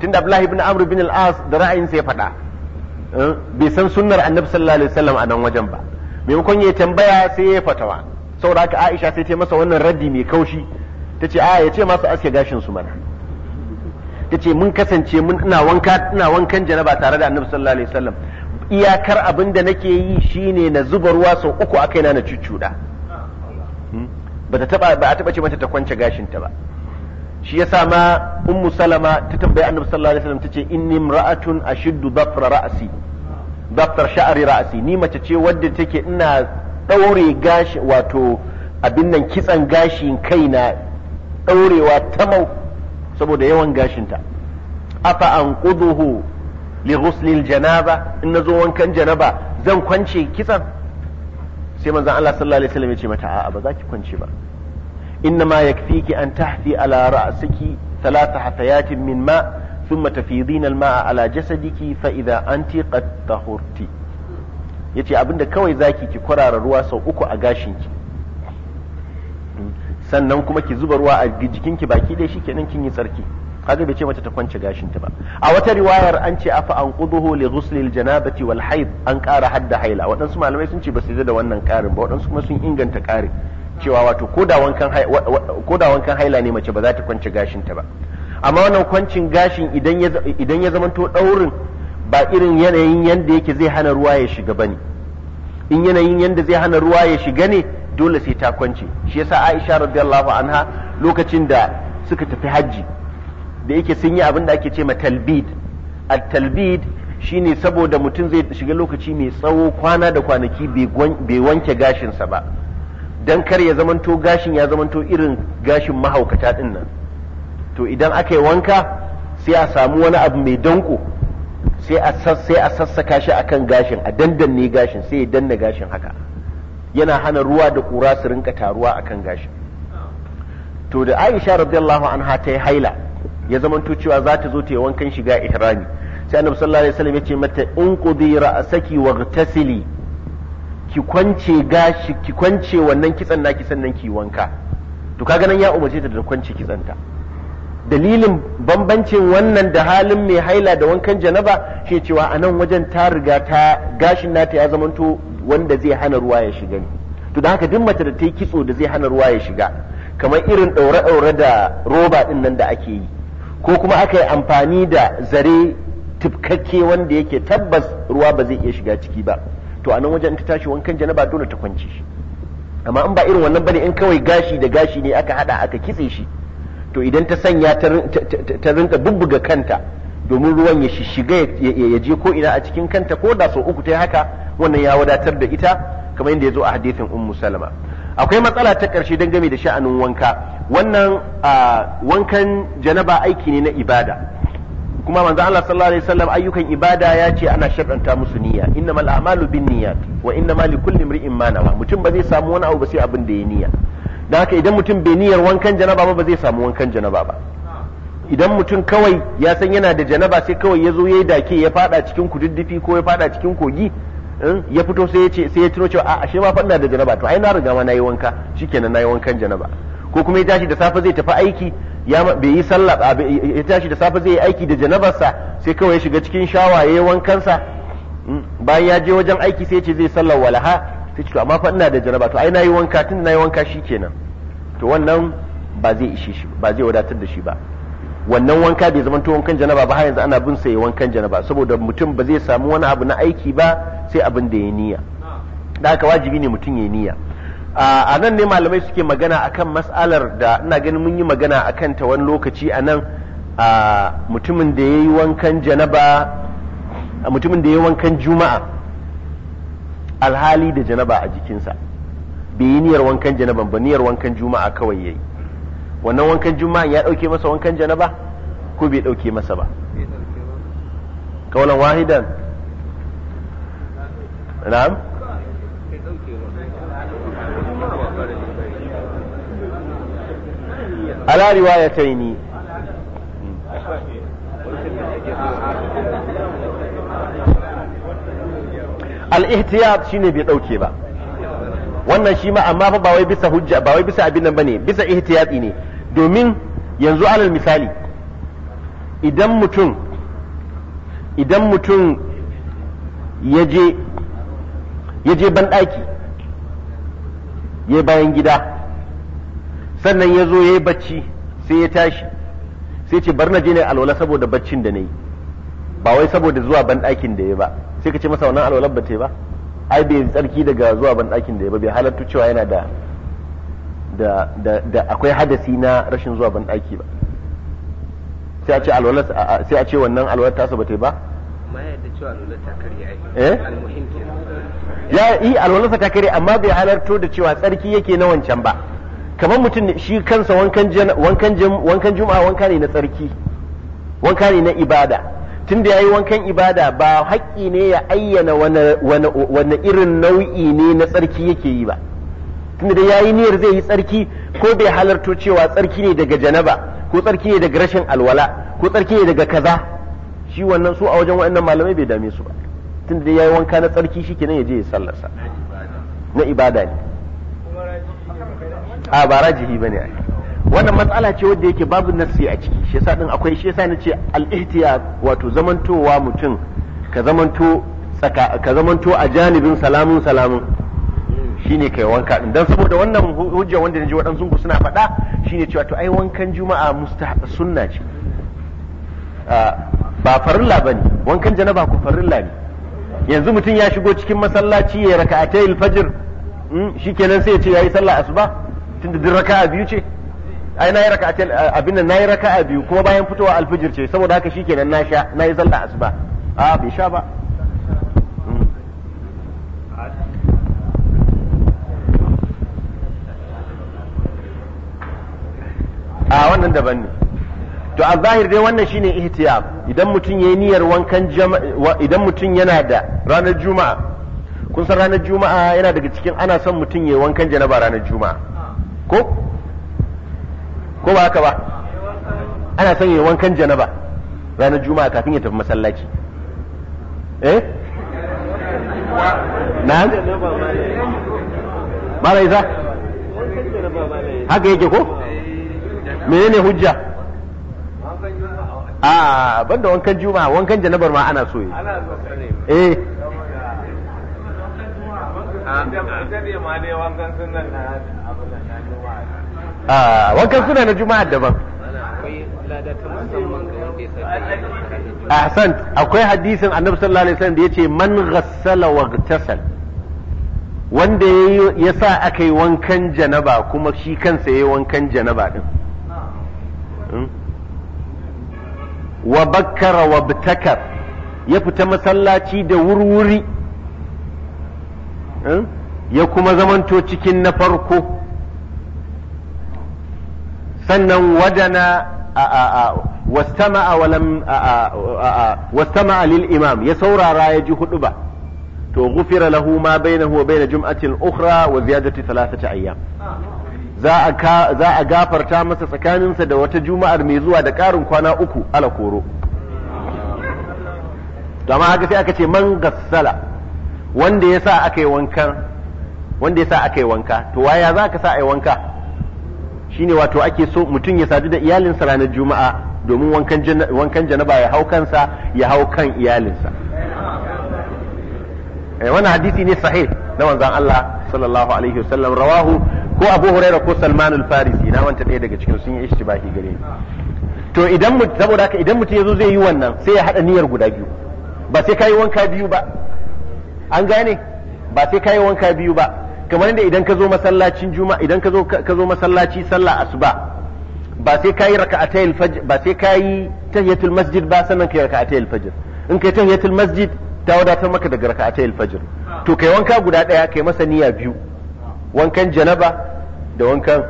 tunda Abdullahi ibn Amr bin al-As da ra'ayinsa ya faɗa eh, bai san sunnar Annabi sallallahu alaihi wasallam a nan wajen ba maimakon ya tambaya sai ya fatawa saboda haka Aisha sai ta masa wannan raddi mai kaushi tace a ya ce masa aske gashin su mana tace mun kasance mun ina wanka ina wankan janaba tare da Annabi sallallahu alaihi wasallam iyakar abin da nake yi shine na zuba ruwa sau uku a kaina na cuccuda hmm? ba ta taba ba a taba ce mata ta kwance gashinta ba shi yasa ma ummu salama ta tambayi annabi sallallahu alaihi wasallam tace inni imra'atun ashiddu dafra ra'si dafra sha'ri ra'si ni mace ce wadda take ina daure gashi wato abin nan kitsan gashin kaina daurewa tamau saboda yawan gashinta afa anquduhu li ghuslil janaba in na zo wankan janaba zan kwance kitsan sai manzon Allah sallallahu alaihi wasallam ya ce mata a'a ba za ki kwance ba inna ma yakfiki an tahfi ala ra'siki min ma من ماء ثم تفيضين الماء على جسدك فإذا أنت قد tahurti. yace abinda kawai zaki ki kwarara ruwa sau uku a gashinki sannan kuma ki zuba ruwa a jikinki baki ɗaya shikenan kin yi tsarki kaga bai ce mata ta kwance ta ba a wata riwayar an ce afa an quduhu li ghuslil janabati wal haid an ƙara hadda haila waɗansu malamai sun ce ba su da wannan ƙarin ba waɗansu kuma sun inganta ƙarin cewa wato ko da wankan haila ne mace ba za ta kwance gashinta ba amma wannan kwancin gashin idan ya idan ya zamanto daurin ba irin yanayin yanda yake zai hana ruwa ya shiga bane in yanayin yanda zai hana ruwa ya shiga ne dole sai ta kwance shi yasa Aisha radiyallahu anha lokacin da suka tafi hajji da yake sun yi abin da ake ce ma talbid at talbid shine saboda mutum zai shiga lokaci mai tsawo kwana da kwanaki bai wanke gashinsa ba don kar ya zamanto gashin ya zamanto irin gashin mahaukata din nan to idan aka yi wanka sai a samu wani abu mai danko sai a sassaka shi akan gashin a dandanne gashin sai ya danna gashin haka yana hana ruwa da ƙura su rinka taruwa akan gashin to da Aisha radiyallahu anha ta yi haila ya zamanto cewa za ta zo ta yi wankan shiga ihrami sai annabi sallallahu alaihi wasallam ya ce mata in qudi ra'saki waghtasili ki kwance gashi ki kwance wannan kitsan naki sannan ki wanka to kaga nan ya umarce ta da kwance ta dalilin bambancin wannan da halin mai haila da wankan janaba shi cewa a nan wajen ta riga ta gashin nata ya zamanto wanda zai hana ruwa ya shiga ne to da haka duk mace da ta yi kitso da zai hana ruwa ya shiga kamar irin ɗaure-ɗaure da roba ɗin nan da ake yi ko kuma aka yi amfani da zare tifkakke wanda yake tabbas ruwa ba zai iya shiga ciki ba to a nan wajen ta tashi wankan janaba dole ta kwance shi amma in ba irin wannan bane in kawai gashi da gashi ne aka hada aka kitse shi to idan ta sanya ta rinka bubbuga kanta domin ruwan ya shiga ya je ko ina a cikin kanta ko da sau uku ta haka wannan ya wadatar da ita kamar yadda ya zo a hadithin ummu salama akwai matsala ta ƙarshe game da sha'anin wanka wannan wankan janaba aiki ne na ibada kuma manzo Allah sallallahu alaihi wasallam ayyukan ibada ya ce ana shaddanta musu niyya innamal a'malu binniyat wa innamal likulli imrin ma nawa mutum ba zai samu wani abu ba sai abin da ya niyya dan haka idan mutum bai niyyar wankan janaba ba ba zai samu wankan janaba ba idan mutum kawai ya san yana da janaba sai kawai ya zo yayi dake ya fada cikin kududdufi ko ya fada cikin kogi Eh? ya fito sai ya ce sai ya tuno cewa a ashe ma fa da janaba to ai na riga ma nayi wanka shikenan nayi wankan janaba ko kuma ya tashi da safe zai tafi aiki ya bai yi sallah ya tashi da safe zai yi aiki da janabarsa sai kawai ya shiga cikin shawa ya yi wankansa hmm, bayan ya je wajen aiki sai ya ce zai sallar walaha sai ce to amma fa da janaba to ai nayi wanka tun nayi wanka shikenan to wannan ba zai ishe shi ba zai wadatar da shi ba wannan wanka bai zama to wankan janaba ba har yanzu ana bin sai wankan janaba saboda mutum ba zai samu wani abu na aiki ba sai abin da ya niyya da haka wajibi ne mutum ya niyya a nan ne malamai suke magana akan mas'alar da ina ganin mun yi magana akan ta wani lokaci a nan mutumin da ya yi wankan janaba mutumin da ya yi wankan juma'a alhali da janaba a jikinsa bai yi niyyar wankan janaban ba niyyar wankan juma'a kawai yayi wannan wankan juma'a ya dauke masa wankan janaba ko bai dauke masa ba kaulan wahidan na'am ala riwayataini al-ihtiyat shine bai dauke ba wannan shi ma amma fa ba wai bisa hujja ba wai bisa abin nan bane bisa ihtiyati ne domin yanzu alal misali idan mutum idan mutum ya je banɗaki ya bayan gida sannan ya zo ya yi bacci sai ya tashi sai ce bar na je ne alwala saboda baccin da na yi ba wai saboda zuwa banɗakin da ya ba sai ka ce masa wannan alwalar ba ta ba ai bai tsarki daga zuwa banɗakin da ya ba bai halattu cewa yana da da akwai hadasi na rashin zuwa ban daki ba sai a ce alwalar sai a ce wannan alwalar ta ba ta ba ma yadda cewa alwalar ta karya eh? ya yi alwalarsa ta kare amma bai halarto da cewa tsarki yake na wancan ba kamar mutum shi kansa wankan juma'a wanka ne na tsarki wanka ne na ibada tunda yi wankan ibada ba haƙƙi ne ya ayyana wani irin nau'i ne na tsarki yake yi ba tunda da yi niyyar zai yi tsarki ko bai halarto cewa tsarki ne daga janaba ko tsarki ne daga rashin alwala ko tsarki ne daga kaza shi wannan su a wajen waɗannan malamai bai dame su ba tunda da yi wanka na tsarki shi kenan ya je ya sallarsa na ibada ne a ba rajihi bane ai wannan matsala ce wadda yake babu nassi a ciki shi yasa din akwai shi yasa nace al-ihtiyat wato zamantowa mutum ka zamanto tsaka ka zamanto a janibin salamun salamun shine kai wanka din dan saboda wannan hujja wanda naji waɗansu ku suna faɗa shine cewa to ai wankan juma'a mustahab sunna ce ba farilla bane wankan janaba ku farilla ne yanzu mutum ya shigo cikin masallaci ya raka'atai alfajr hmm, shikenan sai ya ce yayi sallah asuba tunda duk raka'a biyu ce ai nayi raka'atai abin nan nayi raka'a biyu kuma bayan fitowa alfajr ce saboda haka shikenan na sha nayi sallah asuba a bai sha ba a wannan daban ne to a zahir dai wannan shine ihtiyab idan mutum yayi niyyar wankan jama'a idan mutum yana da ranar juma'a kun san ranar juma'a yana daga cikin ana son mutum yayi wankan janaba ranar juma'a ko ko ba haka ba ana son yayi wankan janaba ranar juma'a kafin ya tafi masallaci eh na mala isa haka yake ko menene hujja a ah, banda wankan juma'a wankan janabar ma ana so yi eh a ah, wankan suna na juma'a daban ahsan akwai hadisin annabi sallallahu alaihi wasallam da yace man ghassala ghtasal wanda ya sa aka yi wankan janaba kuma shi kansa ya yi wankan janaba din Hmm? wa bakkara wa btakar ya fita masallaci da wurwuri hmm? ya kuma zamanto cikin na farko sannan wadana wastama'a walam wastama'a lil imam ya saurara ya ji hudu ba to gufira lahu ma bainahu wa bain jum'atin ukhra wa ziyadati thalathati ayyam za a gafarta masa tsakaninsa da wata juma'ar mai zuwa da ƙarin kwana uku ala koro dama haka sai aka ce man gassala wanda ya sa aka yi wanka wanda ya sa aka yi wanka to waya za ka sa a yi wanka shine wato ake so mutum ya sadu da iyalinsa ranar juma'a domin wankan janaba ya hau kansa ya hau kan iyalinsa eh, Wani hadisi ne sahih na manzon Allah sallallahu alaihi wasallam rawahu ko abu huraira ko salman al-farisi na wanta ɗaya daga cikin sun yi ishtibahi gare ni to idan mu saboda haka idan mutum yazo zai yi wannan sai ya hada niyyar guda biyu ba sai kai wanka biyu ba an gane ba sai kai wanka biyu ba kamar inda idan ka zo masallacin juma'a idan ka zo ka zo masallaci sallah asuba ba sai kai raka'atay al-fajr ba sai kai tahiyatul masjid ba sannan kai raka'atay al-fajr in kai tahiyatul masjid ta wadatar maka daga raka'atay al-fajr to kai wanka guda daya kai masa niyya biyu wankan janaba da wankan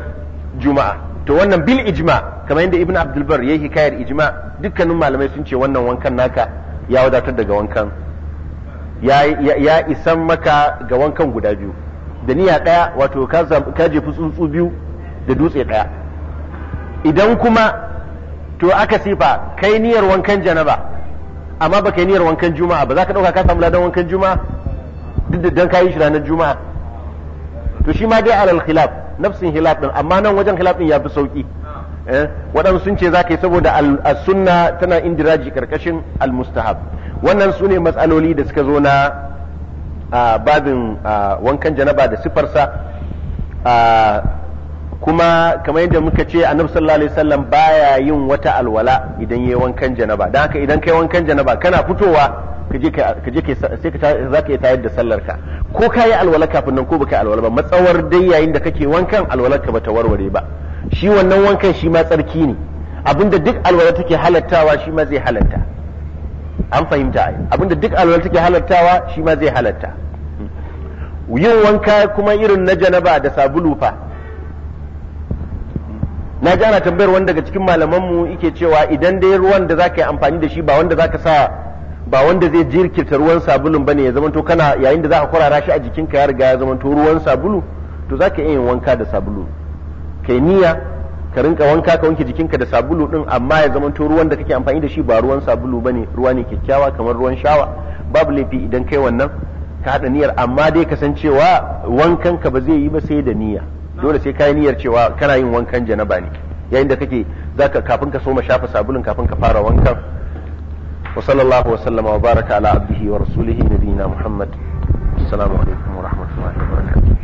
juma'a to wannan bil ijma kamar yadda ibn abdul bar yayi hikayar ijma dukkanin malamai sun ce wannan wankan naka ya wadatar daga wankan ya ya isan maka ga wankan guda biyu da niyya daya wato ka jefi tsuntsu biyu da dutse daya idan kuma to aka sifa kai niyyar wankan janaba amma ba yi niyyar wankan juma'a ba za ka dauka ka samu ladan wankan juma'a duk da dan kayi shi ranar juma'a to shi ma dai alal khilaf nafsin hilaf din amma nan wajen hilaf din yafi sauki eh, waɗansu sun ce za ka yi saboda sunna tana indiraji karkashin almustahab wannan su ne matsaloli da suka zo na babin wankan janaba da sifarsa kuma kamar yadda muka ce annabi sallallahu alaihi wasallam baya yin wata alwala idan yayi wankan janaba dan haka idan kai wankan janaba kana fitowa ka je ka sai ka za ka iya tayar da sallar ka ko ka yi alwala kafin nan ko baka alwala ba matsawar dai yayin da kake wankan alwalar ka bata warware ba shi wannan wankan shi ma tsarki ne abinda duk alwala take halattawa shi ma zai halatta an fahimta ai abinda duk alwala take halattawa shi ma zai halatta yin wanka kuma irin na janaba da sabulu fa na ji ana tambayar wani daga cikin malamanmu yake cewa idan dai ruwan da zaka yi amfani da shi ba wanda zaka sa ba wanda zai jirkita ruwan sabulun bane ya zamanto kana yayin da za ka kwarara shi a jikinka ya riga ya zamanto ruwan sabulu to za ka iya yin wanka da sabulu kai niyya ka rinka wanka ka wanke jikinka da sabulu din amma ya zamanto ruwan da kake amfani da shi ba ruwan sabulu bane ruwa ne kyakkyawa kamar ruwan shawa babu laifi idan kai wannan ka hada niyyar amma dai kasancewa wankan ka ba zai yi ba sai da niyya dole sai ka yi niyyar cewa kana yin wankan janaba ne yayin da kake zaka kafin ka soma shafa sabulun kafin ka fara wankan وصلى الله وسلم وبارك على عبده ورسوله نبينا محمد السلام عليكم ورحمة الله وبركاته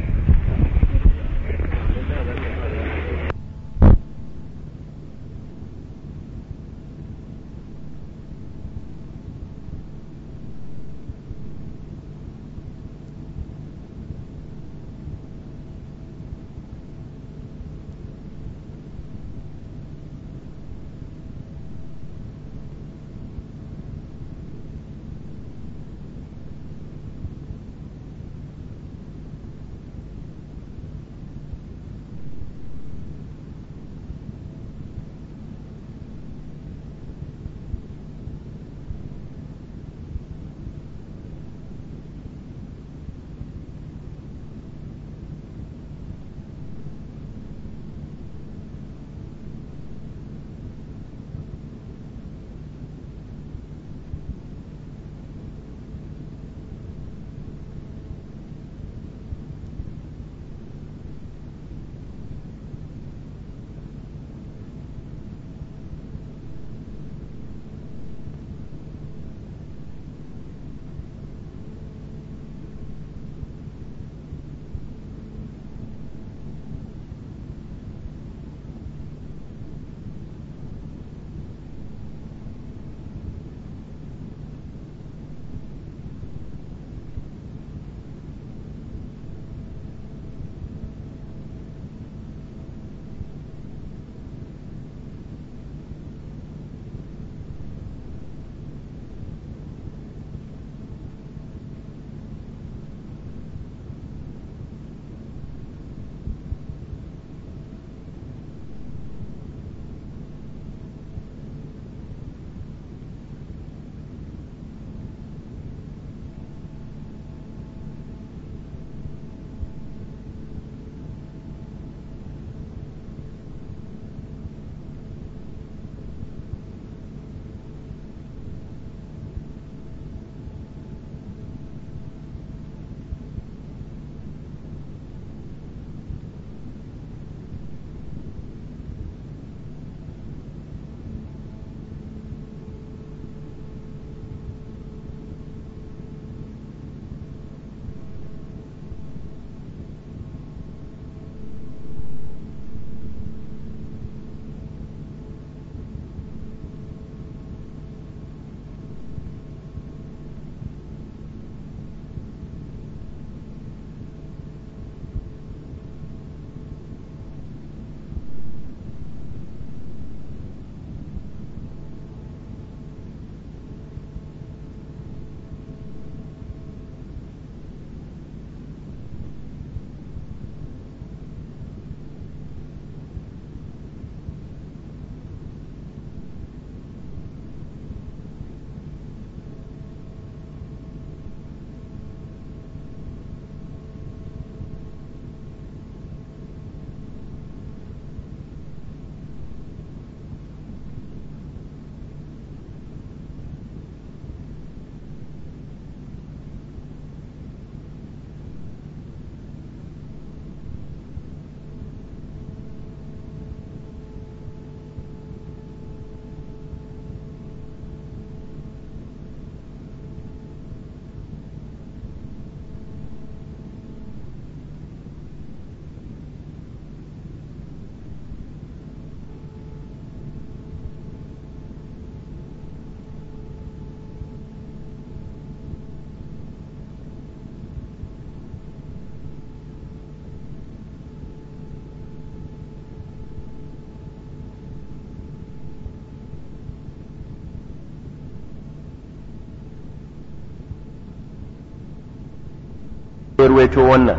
ruwaito wannan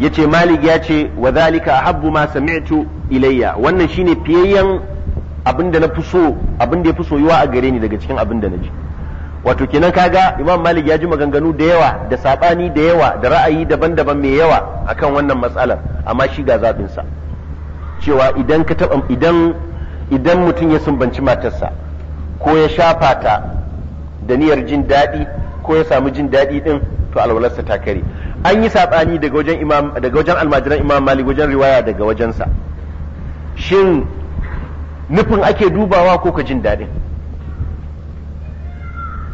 yace malik ya ce wa zalika habbu ma sami'tu ilayya wannan shine fiyayyen abinda na fuso abinda ya fi soyuwa a gare ni daga cikin abinda na ji wato kenan kaga imam malik ya ji maganganu da yawa da sabani da yawa da ra'ayi daban-daban mai yawa akan wannan matsalar amma shi ga zabin sa cewa idan ka taba idan idan mutum ya sumbanci matarsa ko ya shafa ta da niyyar jin daɗi ko ya samu jin daɗi din to alwalarsa ta kare an yi saɓani daga wajen almajiran imam malik wajen riwaya daga wajensa shin nufin ake dubawa ko ka jin daɗin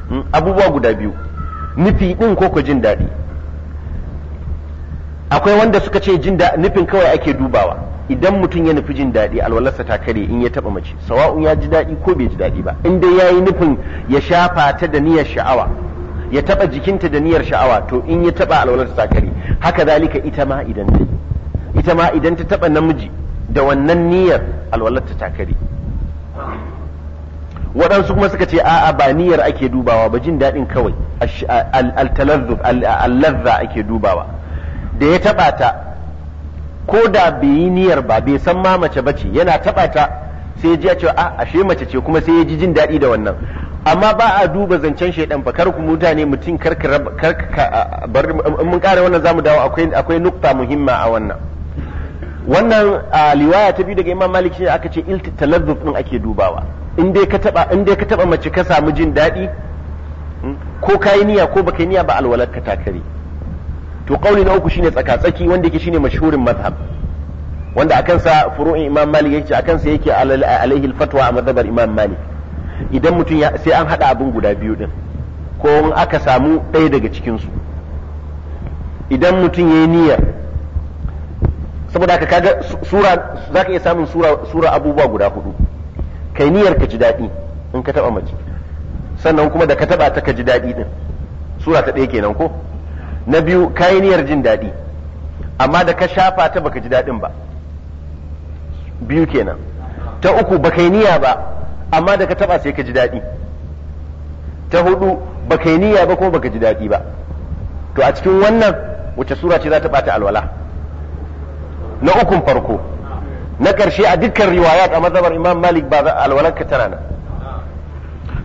hmm, abubuwa guda biyu nufi ɗin ko ka jin daɗi akwai wanda suka ce nufin kawai ake dubawa idan mutum ya nufi jin daɗi alwalarsa ta kare in ya taɓa mace sawa'un ya ji daɗi ko bai ji daɗi ba in dai ya yi nufin ya shafa ta da niyyar sha'awa ya taba jikinta da niyyar sha'awa to in ya taba alwalarta ta kare haka zalika ita ma idan ta ita ma idan ta taba namiji da wannan niyyar alwalarta ta kare waɗansu kuma suka ce a'a ba niyyar ake dubawa ba jin daɗin kawai al al-ladha ake dubawa da ya taba ta ko da bai yi niyyar ba bai san ma mace bace yana taba ta sai ji ya ce a ah, ashe mace ce kuma sai ya ji jin daɗi da wannan amma ba a duba zancen shaidan fa kar ku mutane mutum kar ka bar mun kare wannan zamu dawo akwai akwai nukta muhimma a wannan wannan liwaya ta biyu daga Imam Malik shi aka ce ilti din ake dubawa in dai ka taba in dai ka taba mace ka samu jin daɗi hmm, ko kai niyya ko baka niyya ba alwalar ka kare to qauli na uku shine tsaka tsaki wanda yake shine mashhurin mazhab wanda akan sa furu'in imam malik yake akan sa yake alaihi alfatwa a madhabar imam malik idan mutum sai an hada abin guda biyu din ko in aka samu ɗaya daga cikin su idan mutum yayi niyya saboda ka kaga sura zaka iya samun sura sura abubuwa guda hudu kai niyyar ka ji daɗi in ka taba mace sannan kuma da ka taba ta ka ji daɗi din sura ta ɗaya kenan ko na biyu kai niyyar jin daɗi amma da ka shafa ta baka ji daɗin ba biyu kenan ta uku ba niyya ba amma da ka taba sai ka ji daɗi ta hudu ba kai niyya ba kuma baka ji daɗi ba to a cikin wannan wace sura ce za ta bata alwala na ukun farko na ƙarshe a dukkan riwayat a mazhabar imam malik ba alwalar ka tana nan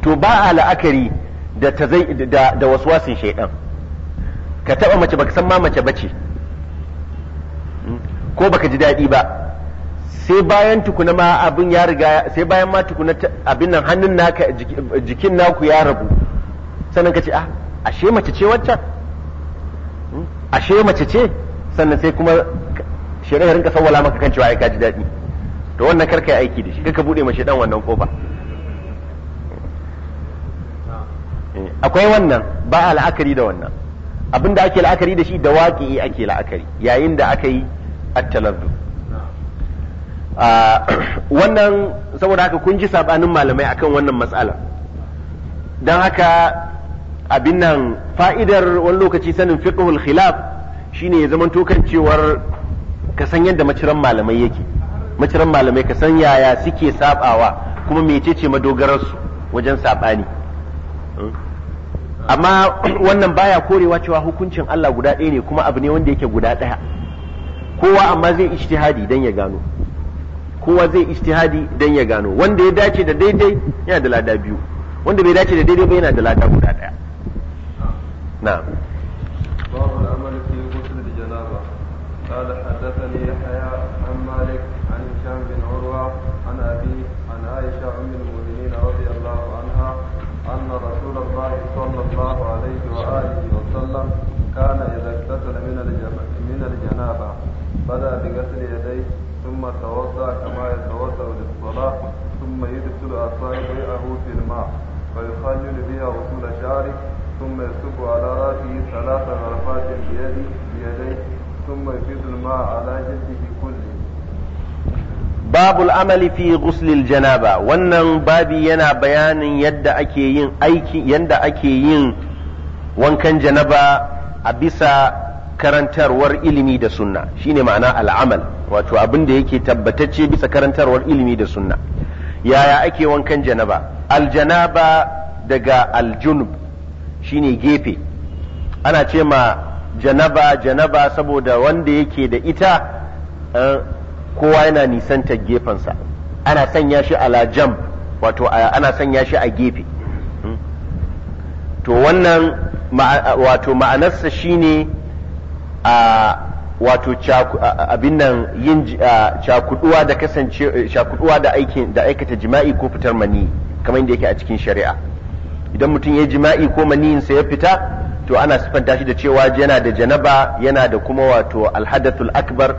to ba a la'akari da da waswasin shaidan ka taba mace baka san ma mace bace hmm? ko baka ji daɗi ba sai bayan tukuna ma abin ya riga sai bayan ma tukuna abin nan hannun naka jikin naku ya rabu sannan ka ce ah ashe mace ce waccan hmm? ashe mace ce sannan sai kuma shari'a rinka sawwala maka kan cewa ai ka ji daɗi to wannan karka yi aiki da shi kaka bude mace ɗan wannan kofa eh, akwai wannan ba a la'akari da wannan abin da ake la'akari da shi da waƙi ake la'akari yayin da aka yi at-talazzuz wannan saboda haka kun ji sabanin malamai akan wannan matsala don haka abin nan fa'idar wani lokaci sanin fiqhul khilaf shine ya zama tokan cewar ka san yadda maciran malamai yake maciran malamai ka san yaya suke sabawa kuma mecece madogararsu wajen sabani amma wannan baya korewa cewa hukuncin Allah guda ɗaya ne kuma abu ne wanda yake guda ɗaya kowa amma zai ishtihadi dan ya gano kowa zai ijtihadi dan ya gano wanda ya dace da daidai yana da lada biyu wanda bai dace da daidai ba yana da lada guda daya na'am babu al'amali fi ghusl al-janaba qala hadathani yahya an malik an shan bin في الماء فيخلل بها وصول شعره ثم يسكب على ثلاث غرفات بيديه ثم يفيض الماء على جلده كله babul amali fi ghuslil janaba wannan babi yana bayanin yadda ake yin yadda ake wankan janaba a bisa karantarwar ilimi da sunna shine ma'ana al'amal wato abin da yake tabbatacce bisa karantarwar ilimi da sunna yaya ake wankan janaba aljanaba daga aljunub shine gefe ana ce ma janaba janaba saboda wanda yake da ita eh, kowa yana nisantar gefensa ana sanya shi ala jam wato ana sanya shi a gefe hmm. to wannan wato ma'anarsa shine a wato abin nan yin cakuduwa da kasance eh, cakuduwa da aikin da aikata jima'i ko fitar mani kamar yadda yake a cikin shari'a idan mutum ya jima'i ko maniyin sa ya fita to ana sifanta shi da cewa yana da janaba yana da kuma wato alhadathul akbar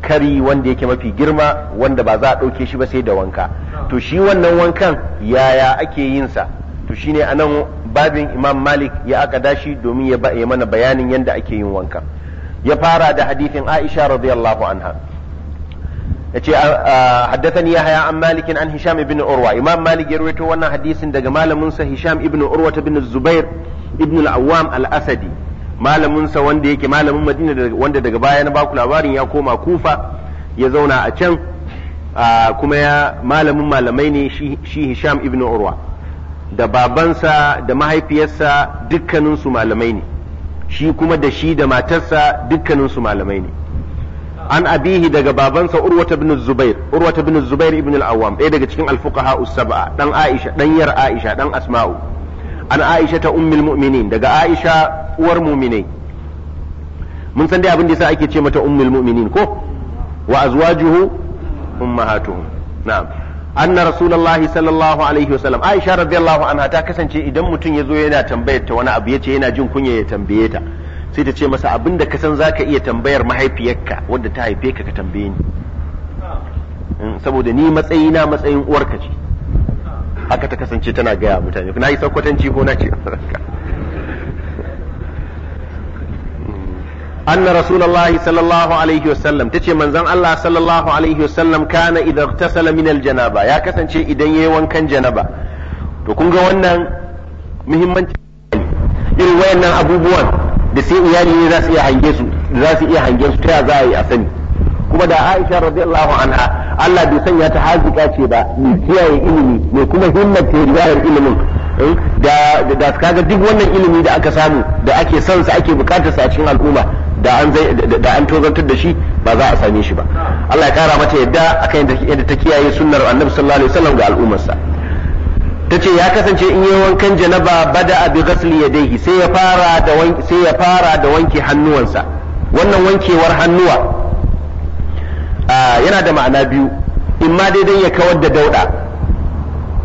kari wanda yake mafi girma wanda ba za a ɗauke shi ba sai da wanka to shi wannan wankan yaya ake yin sa to shine anan babin imam malik ya aka dashi domin ya mana bayanin yadda ake yin wankan ya fara da hadithin Aisha radiyallahu anha yace haddathani Yahya an Malik an Hisham ibn Urwa Imam Malik ya rawaito wannan hadisin daga malamin sa Hisham ibn Urwa ibn Zubair ibn al-Awwam al-Asadi malamin sa wanda yake malamin Madina wanda daga baya na baku labarin ya koma Kufa ya zauna a can kuma ya malamin malamai ne shi Hisham ibn Urwa da babansa da mahaifiyarsa dukkaninsu malamai ne shi kuma da shi da matarsa dukkaninsu malamai ne an abihi daga babansa urwata bin zubair urwata bin zubair ibn al-awwam ɗaya daga cikin al-fuqaha us-sab'a dan aisha dan yar aisha dan asma'u an aisha ta ummul mu'minin daga aisha uwar mu'minai mun san dai abin da yasa ake ce mata ummul mu'minin ko wa azwajuhu ummahatuhum na'am anna rasulullahi sallallahu alaihi wasallam aisha radiyallahu anha ta kasance idan mutum ya zo yana tambayar ta wani abu yace yana jin kunya ya tambaye ta sai ta ce masa abin da ka san zaka iya tambayar mahaifiyarka wadda ta haife ka ka tambaye ni hmm, saboda ni na matsayin uwarka ce haka ta kasance tana gaya mutane na yi sakkwatanci ko na ce anna rasulullahi sallallahu alaihi wasallam tace manzon Allah sallallahu alaihi wasallam kana idan tasala min aljanaba ya kasance idan yayi wankan janaba to kun ga wannan muhimmanci irin wayannan abubuwan da sai iyali ne za su iya hange su za ta za a yi a sani kuma da Aisha radiyallahu anha Allah bai sanya ta hazika ce ba mai kiyaye ilimi mai kuma himmar ta ilimin da da kaga duk wannan ilimin da aka samu da ake son sa ake bukatar sa a cikin al'umma da an da tozartar da shi ba za a same shi ba Allah ya kara mata yadda aka yadda ta kiyaye sunnar Annabi sallallahu alaihi wasallam ga al'ummarsa tace ya kasance in yi wankan janaba bada bi ghasli yadayhi sai ya fara da wanki sai ya fara da wanke hannuwansa wannan wankewar hannuwa yana da ma'ana biyu in ma daidai ya kawar da dauda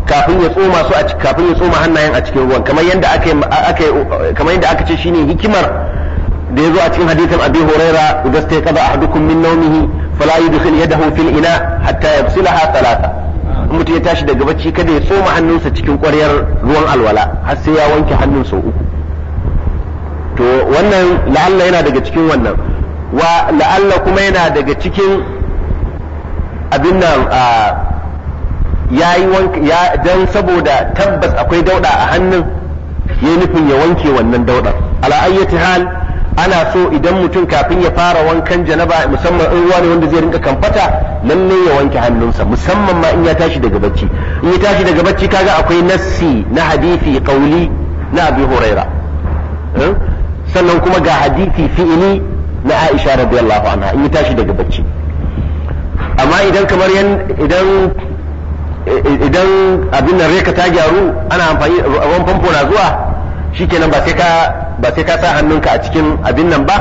kafin ya tsoma su a kafin ya tsoma hannayen a cikin ruwan kamar yadda aka kamar yadda aka ce shine hikimar da ya zo a cikin hadisin abi huraira idan sai kaza ahadukum min nawmihi fala yudkhil yadahu fil ina hatta yafsilaha thalatha mutum ya tashi daga bacci kada ya tsoma hannunsa cikin ƙwaryar ruwan alwala har sai ya wanke hannun sau uku to wannan la'alla yana daga cikin wannan wa la'alla kuma yana daga cikin abin nan ya yi ya dan saboda tabbas akwai dauda a hannun ya nufin ya wanke wannan dauda ala ayyati hal ana so idan mutum kafin ya fara wankan janaba musamman in ruwa ne wanda zai rinka kamfata lalle ya wanke hannunsa musamman ma in ya tashi daga bacci in ya tashi daga bacci kaga akwai nassi na hadisi qauli na abi huraira eh? sannan kuma ga hadisi fi'ili na aisha radiyallahu anha in ya tashi daga bacci amma idan kamar yan idan idan abin nan reka ta gyaru ana amfani ruwan famfo na zuwa shikenan ba sai ka ba sai ka sa hannunka a cikin abin nan ba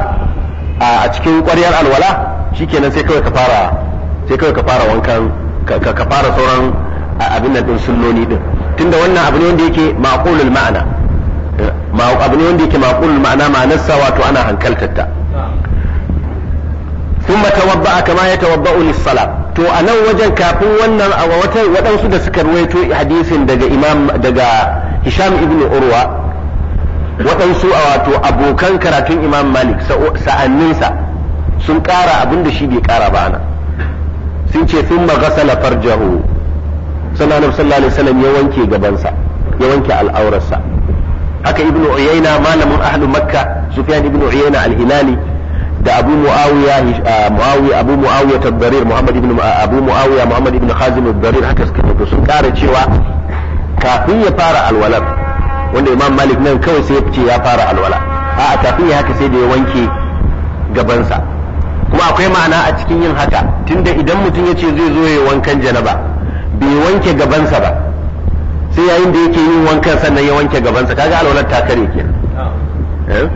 a cikin ƙwaryar alwala shikenan sai kawai ka fara sai kawai ka fara wankan ka fara sauran abin nan din sulloni din tunda wannan abu ne wanda yake maqulul ma'ana abu ne wanda yake maqulul ma'ana ma'anarsa wato ana hankaltar ta ثم kama كما يتوضأ للصلاة to a nan wajen kafin wannan a waɗansu da suka ruwaito hadisin daga imam daga hisham ibn urwa waɗansu a wato abokan karatun imam malik sa'anninsa sun ƙara abin da shi bai ƙara ba ana sun ce sun magasala farjahu sannan annabi sallallahu alaihi wasallam ya wanke gabansa ya wanke al'aurarsa haka ibnu uyayna malamin ahlu makka sufyan ibnu uyayna al-hilali da abu muawiya muawiya abu muawiya tabarir muhammad ibn abu muawiya muhammad ibn khazim al-barir haka suka sun ƙara cewa kafin ya fara alwalar wanda imam malik nan kawai sai ya fice ya fara alwala a kafin ya haka sai da ya wanke gabansa kuma akwai ma'ana a cikin yin haka tunda idan mutum ya ce zai zo ya wankan janaba bai wanke gabansa ba sai yayin da yake yin wankan sannan ya wanke gabansa kaga alwalar ta kare kenan eh?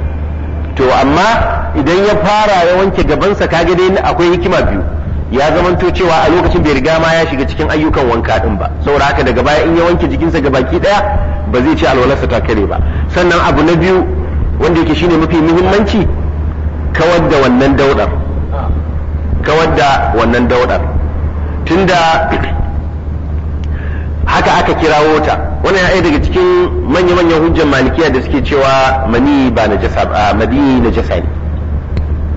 to amma idan ya fara ya wanke gabansa kaga dai akwai hikima biyu ya zamanto cewa a lokacin bai riga ma ya shiga cikin ayyukan wanka din ba saboda haka daga baya in ya wanke jikinsa ga baki daya ba zai ci alwalarsa ta kare ba sannan abu na biyu wanda yake shine mafi muhimmanci kawar da wannan daudar kawar da wannan daudar tunda [CLEARS THROAT] haka aka kirawo ta wannan ya daga cikin manya-manyan hujjar malikiya da suke cewa mani ba najasa mani najasa ne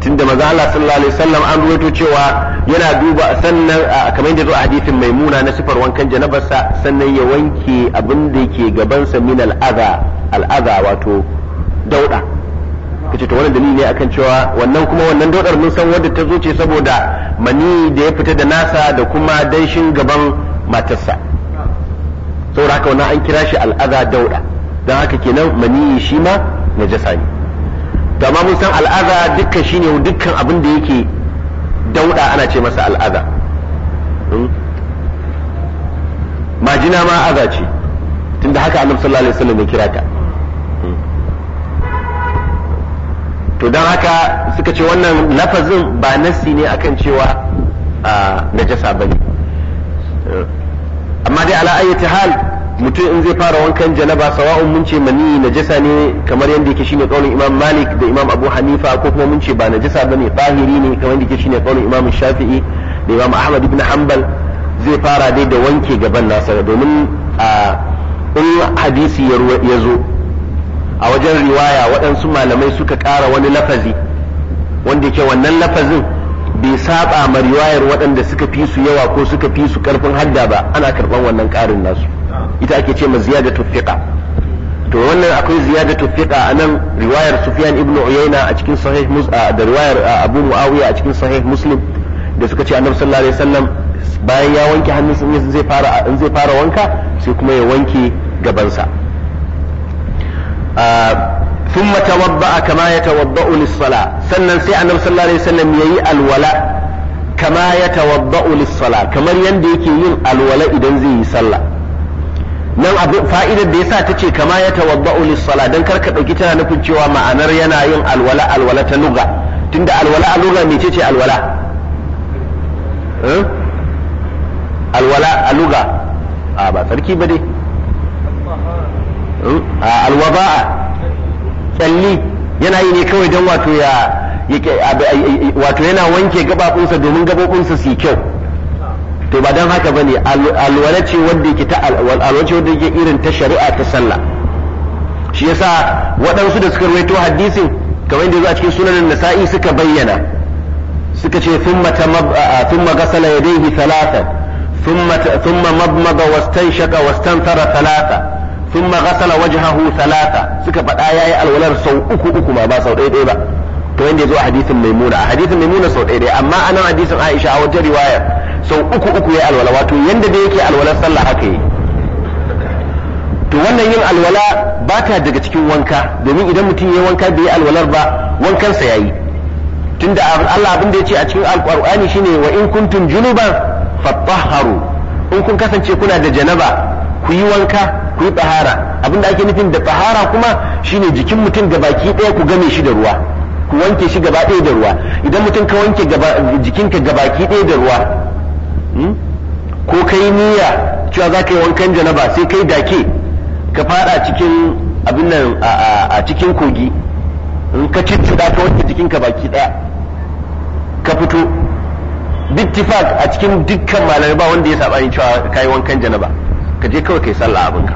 tunda maza Allah sallallahu alaihi wasallam an ruwaito cewa yana duba sannan kamar yadda zo a hadisin maimuna na sifar wankan janabarsa sannan ya wanke abin da yake gabansa min al'aza al'aza wato dauda kace to wannan dalili ne akan cewa wannan kuma wannan daudar mun san wadda ta zo ce saboda mani da ya fita da nasa da kuma danshin gaban matarsa saboda haka wannan an kira shi al'aza dauda dan haka kenan mani shi ma najasa ne to amma mun san al'aza dukkan shine dukkan abin da yake dauda ana ce masa al'aza hmm? majina ma aza ce tunda haka annabi sallallahu alaihi wasallam ya kira ta hmm. to don haka suka ce wannan lafazin ba nassi ne akan cewa ah, najasa bane hmm. amma dai ala ayyati hal mutum in zai fara wankan janaba sawa'un mun ce mani najasa ne kamar yadda yake shine kaulin imam malik da imam abu hanifa ko kuma mun ce ba najasa bane bahiri ne kamar yadda yake shine kaulin imam shafi'i da imam ahmad ibn hanbal zai fara dai da wanke gaban nasa domin a in hadisi ya zo a wajen riwaya waɗansu malamai suka kara wani lafazi wanda yake wannan lafazin bai saba ma riwayar waɗanda suka fi su yawa ko suka fi su ƙarfin hadda ba ana karɓan wannan ƙarin nasu ita ake ce ma ziyada tuffiqa to wannan akwai ziyadatu fiqa anan riwayar Sufyan ibn Uyayna a cikin sahih da riwayar Abu Muawiya a cikin sahih Muslim da suka ce Annabi sallallahu alaihi wasallam bayan ya wanke hannunsa in zai fara in zai fara wanka sai kuma ya wanke gabansa ثم توضأ كما يتوضأ للصلاة سنن سي النبي صلى الله عليه وسلم يي الولاء كما يتوضأ للصلاة كما يندي yin alwala الولاء zai زي صلى nan abu fa'idar da yasa ta ce kama ya tawadda'u lis-sala dan karka dauki tana nufin cewa ma'anar yana yin alwala alwala ta lugha tunda alwala a lugha mece ce alwala eh? alwala a lugha a ba Sarki ba dai eh? a alwada'a tsalli yana yi ne kawai don wato ya wato yana wanke gababunsa domin gababunsa su yi kyau to ba don haka bane alwala ce wanda yake ta alwala ce wanda yake irin ta shari'a ta sallah shi yasa waɗansu da suka rawaito hadisin kamar yadda a cikin sunanin nasa'i suka bayyana suka ce thumma thumma ghasala yadayhi thalathan thumma thumma madmada wastanshaqa wastanthara thalatha thumma ghasala wajhahu thalatha suka faɗa yayi alwalar sau uku uku ma ba sau ɗaya ɗaya ba to yanda a hadisin maimuna a hadisin maimuna sau ɗaya ɗaya amma anan hadisin Aisha a wata riwaya sau uku uku ya alwala wato yanda da yake alwalar sallah haka yi to wannan yin alwala ba ta daga cikin wanka domin idan mutum ya wanka bai yi alwalar ba wankansa ya yayi tunda Allah abin da ya ce a cikin shi shine wa in kuntum junuban fatahharu in kun kasance kuna da janaba ku yi wanka ku yi tsahara abin da ake nufin da tsahara kuma shine jikin mutum ga ɗaya ku game shi da ruwa ku wanke shi gaba ɗaya da ruwa idan mutum ka wanke jikinka gabaki ɗaya da ruwa Hmm? ko kai niyya cewa za ka yi wankan janaba sai kai dake ka fada cikin abin nan a cikin kogi in ka cicciɗa ka wanke jikinka baki ɗaya ka fito bittifak a cikin dukkan malamai ba wanda ya saba ni cewa ka yi wankan janaba ka je kawai kai sallah abinka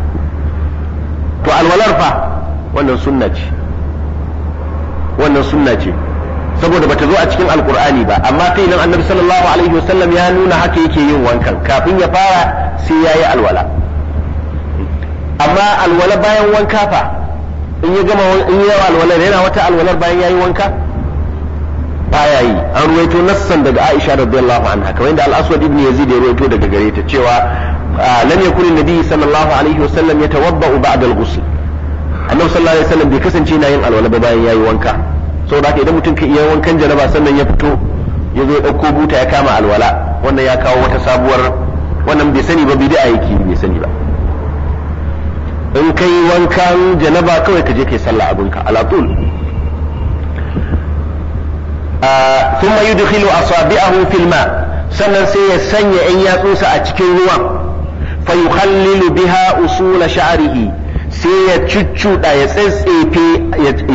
to alwalar fa wannan sunna ce wannan sunna ce saboda bata zo a cikin alkur'ani ba amma nan annabi sallallahu alaihi wasallam ya nuna haka yake yin wankan kafin ya fara sai ya yi alwala amma alwala bayan wanka fa in ya gama in ya alwalar yana wata alwalar bayan ya yi wanka baya yi an ruwaito nassan daga Aisha radiyallahu anha kamar yadda al-Aswad ibn Yazid ya ruwaito daga gare ta cewa ah, lam yakun an-nabi sallallahu alaihi wasallam yatawadda ba'da al-ghusl annabi sallallahu alaihi wasallam bai kasance yana yin alwala ba bayan ya yi wanka da haka idan mutum ka iya wankan janaba sannan ya fito ya zo ya ɗauko buta ya kama alwala wannan ya kawo wata sabuwar wannan bai sani ba da aiki bai sani ba in ka yi wankan janaba kawai ka je yi sallah abinka alatul a يدخل أصابعه a الماء sannan sai ya sanya ‘yan yatsunsa a cikin ruwan fayukhallilu biha usula sha'arihi sai ya cuccuɗa ya tsatsefe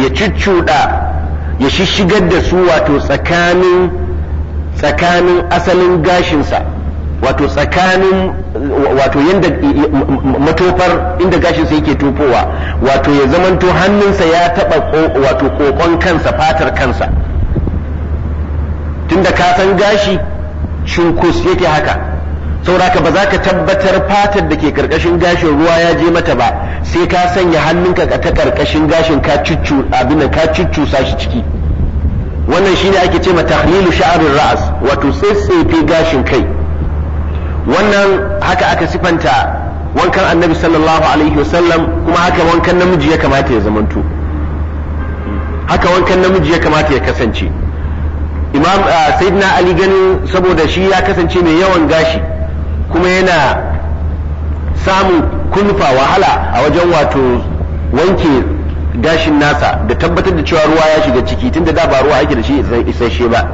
ya cuccuɗa ya shishigar da su wato tsakanin tsakanin asalin gashinsa wato tsakanin wato yadda matofar inda gashinsa yake tofowa wato ya zamanto hannunsa ya taɓa wato kokon kansa fatar kansa tunda ka san gashi shinkus yake haka sauraka ba za ka tabbatar fatar da ke karkashin gashin ruwa ya je mata ba sai ka sanya hannunka ta karkashin gashin ka cuccu abinda ka cuccusa shi ciki wannan shine ake ce ma tahlilu sha'arin ra'as wato tsetsefe gashin kai wannan haka aka sifanta wankan annabi sallallahu alaihi wasallam kuma haka wankan namiji ya kamata ya zamanto haka wankan namiji ya kamata ya kasance imam ah, sayyidina ali ganin saboda shi ya kasance mai yawan gashi kuma yana samun kunfa wahala a wajen wato wanke gashin nasa da tabbatar da cewa ruwa ya shiga ciki tunda da ba ruwa ake da shi isasshe ba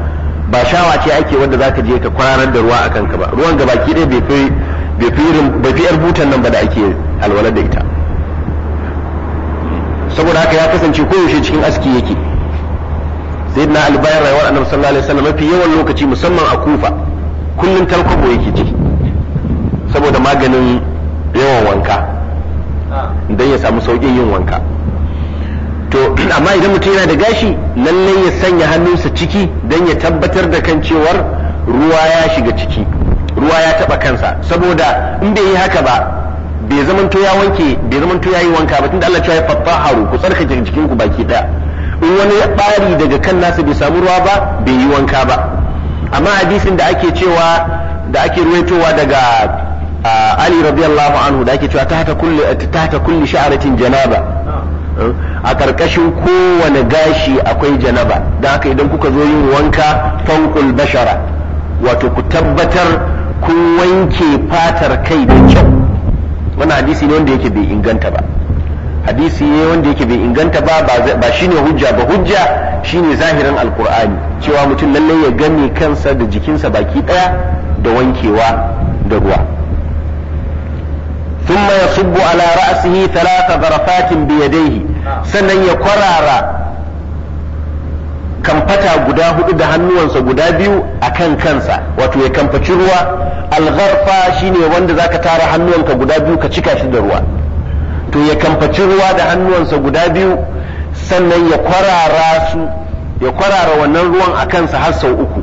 ba shawa ce ake wanda zaka je ka kwararar da ruwa a kanka ba ruwan gabaki ɗaya bai fi bai fi yar butan nan ba da ake alwalar da ita saboda haka ya kasance koyaushe cikin aski yake na albayar rayuwar annabi sallallahu alaihi wasallam mafi yawan lokaci musamman a kufa kullum talkwabo yake ciki saboda maganin yawan wanka ah. don ya samu sauƙin yin wanka to [CLEARS THROAT] amma idan mutum yana da gashi lallai ya sanya hannunsa ciki don ya tabbatar da kan cewar ruwa ya shiga ciki ruwa ya taba kansa saboda in bai yi haka ba bai zamanto ya wanke bai zamanto ya yi wanka ba tunda Allah cewa ya haru ku tsarkake jikinku baki daya in wani ya bari daga kan nasa bai samu ruwa ba bai yi wanka ba amma hadisin da ake cewa da ake ruwaitowa daga ali radiyallahu anhu da ake cewa tahta kulli tahta kulli sha'ratin janaba a karkashin kowane gashi akwai janaba da haka idan kuka zo yin wanka fanqul bashara wato ku tabbatar kun wanke fatar kai da kyau wannan hadisi ne wanda yake bai inganta ba hadisi ne wanda yake bai inganta ba ba shine hujja ba hujja shine zahirin alkur'ani cewa mutum lallai ya game kansa da jikinsa baki daya da wankewa da ruwa ثم يصب على رأسه ثلاث غرفات بيديه sannan ya kwarara kamfata guda hudu da hannuwansa guda biyu a kan kansa wato ya kamfaci ruwa algarfa shine wanda zaka tara hannuwanka guda biyu ka cika shi da ruwa to ya kamfaci ruwa da hannuwansa guda biyu sannan ya kwarara su kwarara wannan ruwan a kansa har sau uku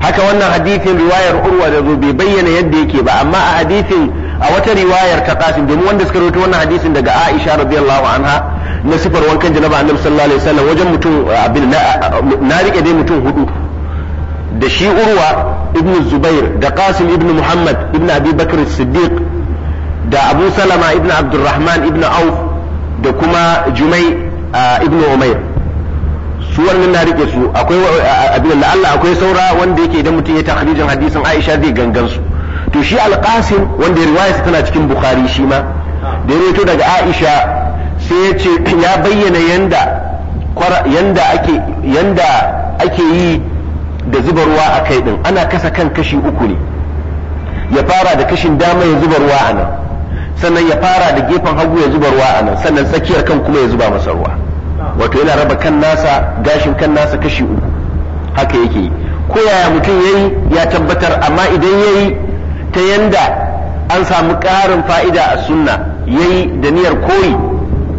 haka wannan hadisin riwayar urwa da zo bai bayyana yadda yake ba amma a hadisin a wata riwayar ta qasim domin wanda suka rubuta wannan hadisin daga aisha radiyallahu anha na sifar wankan janaba annabi sallallahu alaihi wasallam wajen mutum abin na rike dai mutum hudu da shi urwa ibnu zubair da qasim ibnu muhammad ibnu abi bakr siddiq da abu salama ibnu abdurrahman ibnu auf da kuma jumai ibnu umair su wannan na rike su akwai abin da Allah akwai saura wanda yake idan mutum ya takhrijin hadisin Aisha zai gangan su to shi alqasim wanda riwayarsa tana cikin bukhari shi ma da ya rito daga Aisha sai ya ce [CLEARS THROAT] ya bayyana yanda yanda ake yanda ake yi da zuba ruwa a kai din ana kasa kan kashi uku ne ya fara da kashin dama ya zuba ruwa a nan sannan ya fara da gefen hagu ya zuba ruwa a nan sannan tsakiyar kan kuma ya zuba masa ruwa wato yana raba kan nasa gashin kan nasa kashi uku haka yake ko yaya mutum yayi ya tabbatar amma idan ya yi ta yanda an samu ƙarin fa'ida a sunna yi da niyyar koyi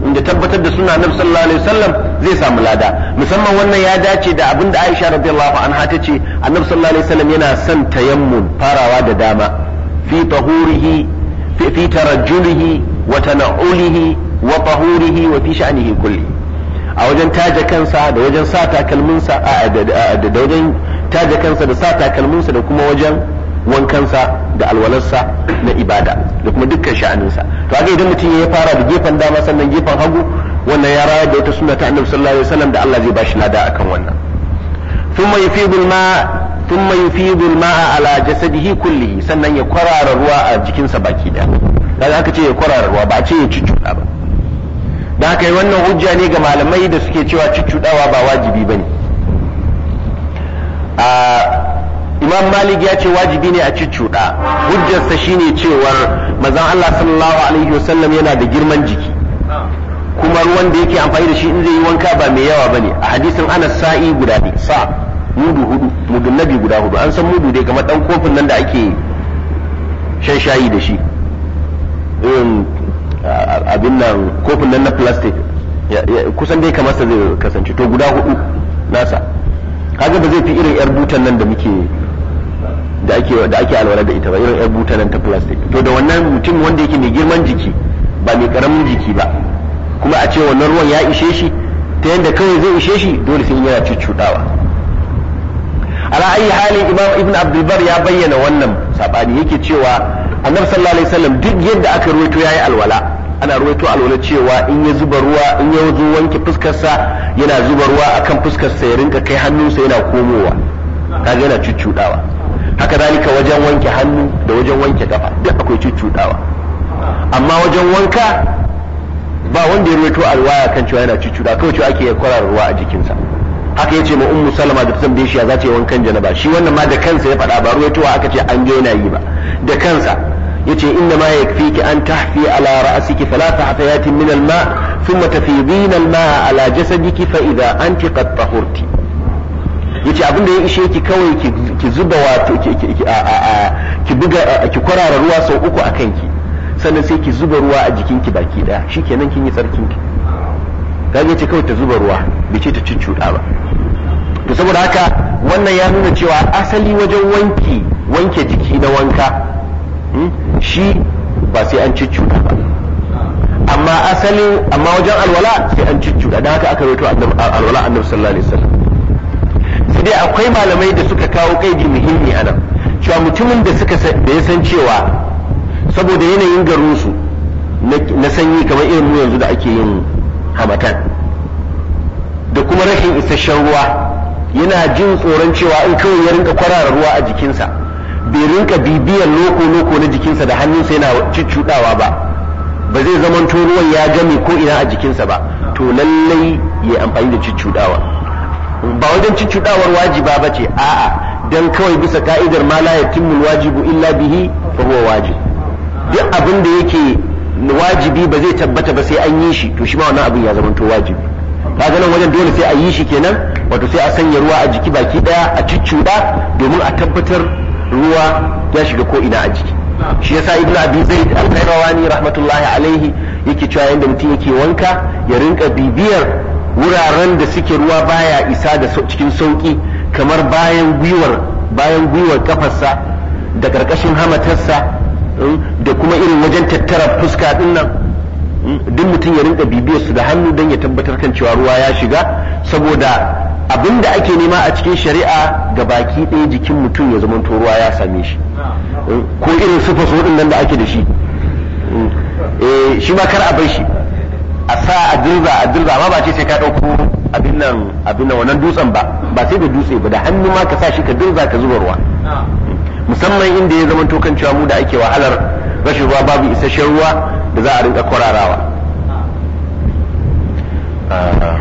inda tabbatar da suna na sallallahu alaihi wasallam zai samu lada musamman wannan ya dace da abin da Aisha radiyallahu anha ta ce annabi sallallahu alaihi wasallam yana son tayammun farawa da dama fi tahurihi fi tarajjulihi wa tana'ulihi wa tahurihi wa fi sha'nihi kulli a wajen taje kansa da wajen sa takalminsa da wajen taje kansa da sa takalminsa da kuma wajen wankansa da alwalarsa na ibada da kuma dukkan sha'aninsa to haka idan mutum ya fara da gefen dama sannan gefen hagu wannan ya rayar da wata sunna ta annabi sallallahu alaihi wasallam da Allah zai bashi lada akan wannan thumma yufidu alma thumma yufidu al ala jasadihi kullihi sannan ya kwarara ruwa a jikinsa baki da kaga aka ce ya kwarara ruwa ba a ce ya cuccuɗa ba da haka yi wannan hujja ne ga malamai da suke cewa cuccuɗawa ba wajibi ba a imam malik ya ce wajibi ne a cuccuɗa hujjarsa shine cewar mazan allah sallallahu alaihi wasallam yana da girman jiki kuma ruwan da yake amfani da shi in zai yi wanka ba mai yawa ba ne. a hadisin ana sa'i guda ne sa mudu hudu mudun nabi guda hudu an san mudu dai kamar ɗan kofin nan da ake shan shayi da shi um, abin nan kofin nan na plastic kusan dai kamar sa zai kasance to guda hudu nasa kaga ba zai fi irin yar butan nan da muke da ake da ake alwala da ita ba irin yar butan nan ta plastic to da wannan mutum wanda yake mai girman jiki ba mai karamin jiki ba kuma a ce wannan ruwan ya ishe shi ta yadda kawai zai ishe shi dole sai yana cuccudawa ala ayi halin imam ibn Bar ya bayyana wannan sabani yake cewa annabi sallallahu alaihi wasallam duk yadda aka ruwaito yayi alwala ana ruwaito alwala cewa in ya zuba ruwa in ya zo wanke fuskarsa yana zuba ruwa akan fuskarsa ya rinka kai hannunsa yana komowa kaga yana cuccudawa haka zalika wajen wanke hannu da wajen wanke kafa duk akwai cuccudawa amma wajen wanka ba wanda ya ruwaito alwaya kan cewa yana cuccudawa kawai cewa ake kwarar ruwa a jikinsa haka yace ma ummu salama da ta tambaye shi ya zace wankan janaba shi wannan ma da kansa ya faɗa ba ruwaitowa aka ce an ga yana yi ba da kansa yace inna ma yakfiki an tahfi ala ra'siki thalatha hatayatin min alma ma thumma tafidina al ala jasadiki fa idha anti qad tahurti yace abin da ya ishe ki kawai ki zuba wato ki buga ki kwarara ruwa sau uku a ki sannan sai ki zuba ruwa a jikinki baki daya shikenan kin yi tsarkin ki kaga ce kawai ta zuba ruwa bai ce ta cuccuɗa ba to saboda haka wannan ya nuna cewa asali wajen wanki wanke jiki na wanka hmm, shi ba sai an cuccuɗa ba amma asalin amma wajen alwala sai an cuccuɗa don haka aka rawaito alwala annabi sallallahu alaihi wasallam sai dai akwai malamai da suka kawo kaidi muhimmi a nan cewa mutumin da suka da ya san cewa saboda yanayin garinsu na sanyi kamar irin mu yanzu da ake yin hamatan da kuma rashin isasshen ruwa yana jin tsoron cewa in kawai ya rinka kwarara ruwa a jikinsa bai rinka bibiyar loko-loko na jikinsa da hannunsa yana cuccuɗawa ba ba zai to ruwan ya game ko ina a jikinsa ba to lallai ya amfani da cuccuɗawa ba wajen cuccuɗawar wajiba ba ce a'a dan kawai bisa ka'idar ma la illa bihi fa huwa wajib duk abin da yake wajibi ba zai tabbata ba sai an yi shi to shi ma wannan abin ya zama, to wajibi kaga nan wajen dole sai a yi shi kenan wato sai a sanya ruwa a jiki baki daya a cuccuda domin a tabbatar ruwa ya shiga ko ina a jiki shi yasa ibnu abi zaid al-qayrawani rahmatullahi alaihi yake cewa yanda mutum yake wanka ya rinka bibiyar wuraren da suke ruwa baya isa da cikin sauki kamar bayan gwiwar bayan gwiwar kafarsa da karkashin hamatarsa Mm? da kuma irin wajen tattara fuska din nan mm? duk mutum ya rinka bibiyar su da hannu don ya tabbatar kan cewa ruwa ya shiga saboda abin da ake nema a cikin shari'a ga baki ɗaya jikin mutum ya zama ruwa ya same shi mm? ko irin sufa so nan da ake da shi eh, shi ma kar a bai shi a sa a dirza a dirza amma ba ce sai ka ɗauko abin nan abin nan wannan dutsen ba ba sai da dutse ba da hannu ma ka sa shi ka dirza ka zuba ruwa musamman inda ya zama tokan cewa mu da ake wahalar rashin ruwa babu isasshen ruwa da za a rinka kwararawa ah,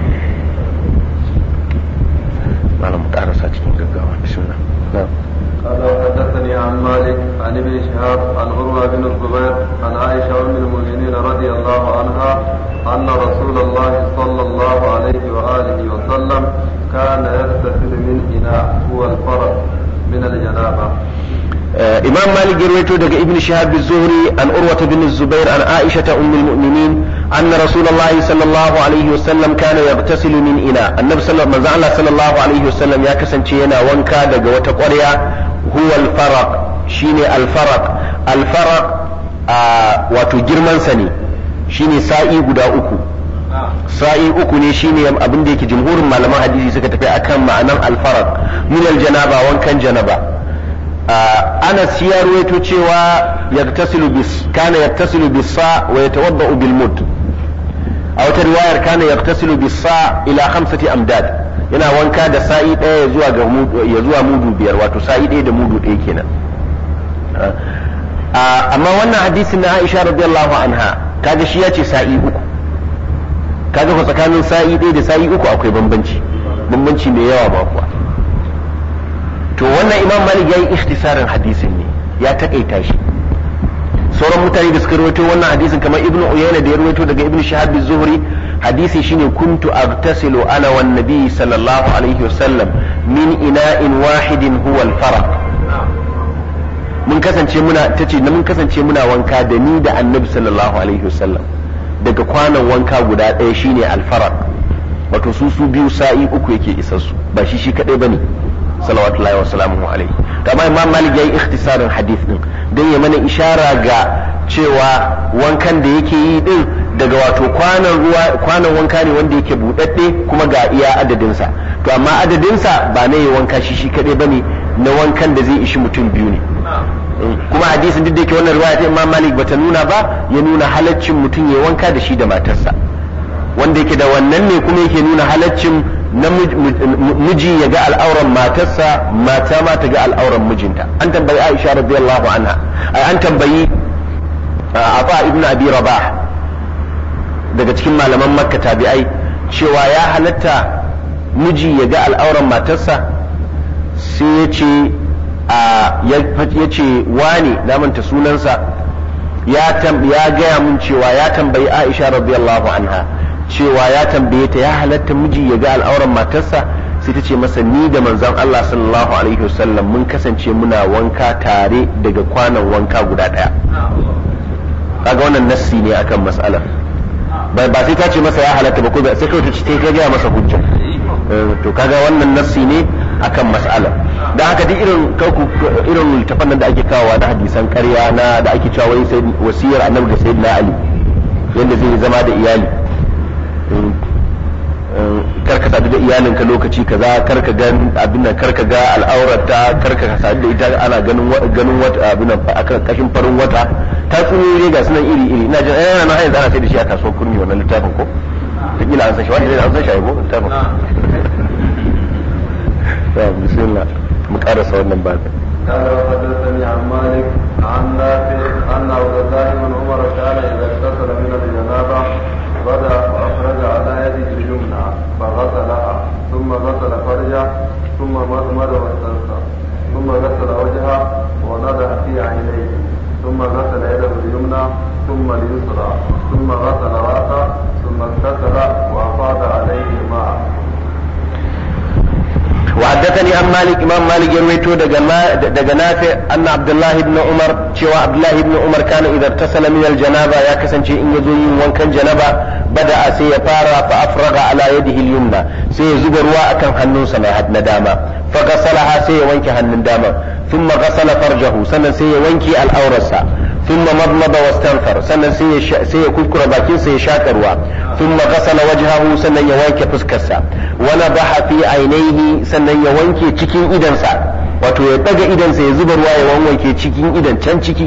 malam karasa cikin gaggawa bisunan قال وحدثني عن مالك عن ابن شهاب عن عروة بن الزبير عن عائشة أم المؤمنين رضي الله عنها أن رسول الله صلى الله عليه وآله وسلم كان يغتسل من إناء هو الفرس imam malik yarwaito daga ibn shihab az-zuhri an urwa bin zubair an aisha ta ummul mu'minin anna rasulullahi sallallahu alaihi wasallam kana yaghtasilu min ina annabi sallallahu alaihi sallallahu alaihi wasallam ya kasance yana wanka daga wata ƙwarya Huwal al-faraq shine al-faraq al-faraq wato girman sa ne shine sa'i guda uku sa'i uku ne shine abin da yake jumhurin malaman hadisi suka tafi akan ma'anan alfarad min aljanaba wankan janaba anas ya ruwaito cewa yaktasilu bis kana yaktasilu bis sa wa yatawaddau bil mud a wata riwayar kana yaktasilu bis sa ila khamsati amdad yana wanka da sa'i daya zuwa ga ya zuwa mudu biyar wato sa'i daya da mudu daya kenan amma wannan hadisin na Aisha radiyallahu anha kaga shi ya ce sa'i uku kaga fa tsakanin sa'i ɗaya da sa'i uku akwai bambanci bambanci mai yawa ba kuwa to wannan imam malik ya yi ikhtisarin hadisin ne ya takaita shi sauran mutane da suka rawaito wannan hadisin kamar ibnu uyayna da ya rawaito daga ibnu shahab zuhri hadisi shine kuntu agtasilu ana wan nabi sallallahu alaihi wasallam min ina'in wahidin huwa al-farq mun kasance muna tace mun kasance muna wanka da ni da annabi sallallahu alaihi wasallam daga kwanan wanka guda ɗaya shine alfarak wato su su biyu sa'i uku yake isassu ba shi shi kadai bane salawatullahi wa salamuhu alaihi kamar imam malik yayi ikhtisarin hadith din dan ya mana ishara ga cewa wankan da yake yi din daga wato kwanan ruwa kwanan wanka ne wanda yake buɗaɗɗe kuma ga iya adadinsa to amma adadinsa ba na yi wanka shi shi kadai bane na wankan da zai ishi mutum biyu ne kuma hadisin duk da yake wannan riwaya ta Imam Malik bata nuna ba ya nuna halaccin mutum ya wanka da shi da matarsa wanda yake da wannan ne kuma yake nuna halaccin miji ya ga al'auran matarsa mata ma ta ga al'auran mijinta an tambayi Aisha radiyallahu anha an tambayi Afa ibn Abi Rabah daga cikin malaman Makka tabi'ai cewa ya halatta miji ya ga al'auran matarsa sai ya ce ya ce wani na manta sunansa ya gaya mun cewa ya tambayi aisha radiyallahu anha cewa ya tambaye ta ya halatta miji ya ga al'auran matarsa sai ta ce masa ni da manzon Allah sallallahu alaihi wasallam mun kasance muna wanka tare daga kwanan wanka guda daya kaga wannan nassi ne akan mas'alar bai ba sai ta ce masa ya halatta ba ko sai kawai ta ce ta gaya masa hujja eh, to kaga wannan nassi ne akan mas'ala da haka duk irin irin littafan nan da ake kawowa na hadisan ƙarya na da ake cewa wai sai wasiyar annabi da na ali yanda zai zama da iyali karka sadu da ka lokaci kaza karka ga abin nan karka ga al'aurata karka sadu da ita ana ganin ganin wata abin nan akan kashin farin wata ta tsuniyoyi ga sunan iri iri ina jin ayyana eh, na yanzu ana sai da shi a kasuwar kurmi wannan littafin ko kila an san shi wani an san shi littafin طيب، بسم الله مكارس wannan bani قال وحدثني عن مالك عن نافع ان عبد الله عمر كان اذا اغتسل من الجنابه بدا فاخرج على يده اليمنى فغسلها ثم غسل فرجه ثم مضمر واستنصر ثم غسل وجهه ونضع في عينيه ثم غسل يده اليمنى ثم اليسرى ثم غسل راسه ثم اغتسل وافاض عليه الماء وحدثني عن مالك إمام مالك يرويته دقا نافع أن عبد الله بن عمر شوى عبد الله بن عمر كان إذا اغتسل من الجنابة يا كسن شيء إن يزوي وان كان جنابة بدأ سيطار فأفرغ على يده اليمنى سيزب رواء كان حنون سماحت ندامة فغسلها سيوانك حنون دامة ثم غسل فرجه سنة سيوانك الأورسة thumma madmada wastanthar sannan sai ya kuskura bakin ya shaka ruwa thumma ghasala wajhahu sannan ya wanke fuskarsa wa nadaha fi ainihi sannan ya wanke cikin idansa wato ya daga idansa ya zuba ruwa ya wanwanke cikin idan can ciki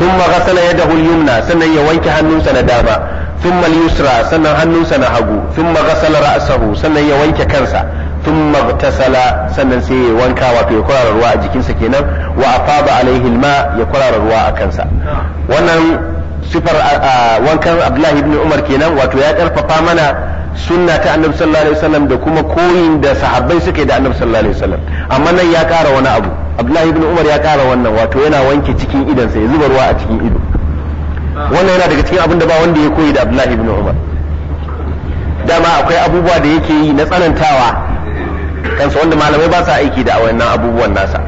thumma ghasala yadahu al-yumna sannan ya wanke hannunsa na dama thumma al-yusra sannan hannunsa na hagu thumma ghasala ra'sahu sannan ya wanke kansa thumma btasala sannan sai ya wanka wato ya kwarara a jikinsa kenan wa afaba alaihi alma ya kwarara a kansa wannan wankan Abdullahi ibn Umar kenan wato ya karfafa mana sunna ta Annabi sallallahu alaihi wasallam da kuma koyin da sahabbai suke da Annabi sallallahu alaihi wasallam amma nan ya kara wani abu Abdullahi ibn Umar ya kara wannan wato yana wanke cikin idansa ya zuba ruwa a cikin ido wannan yana daga cikin abin da ba wanda ya koyi da Abdullahi ibn Umar dama akwai abubuwa da yake yi na tsanantawa kansa wanda malamai ba sa aiki da wannan abubuwan nasa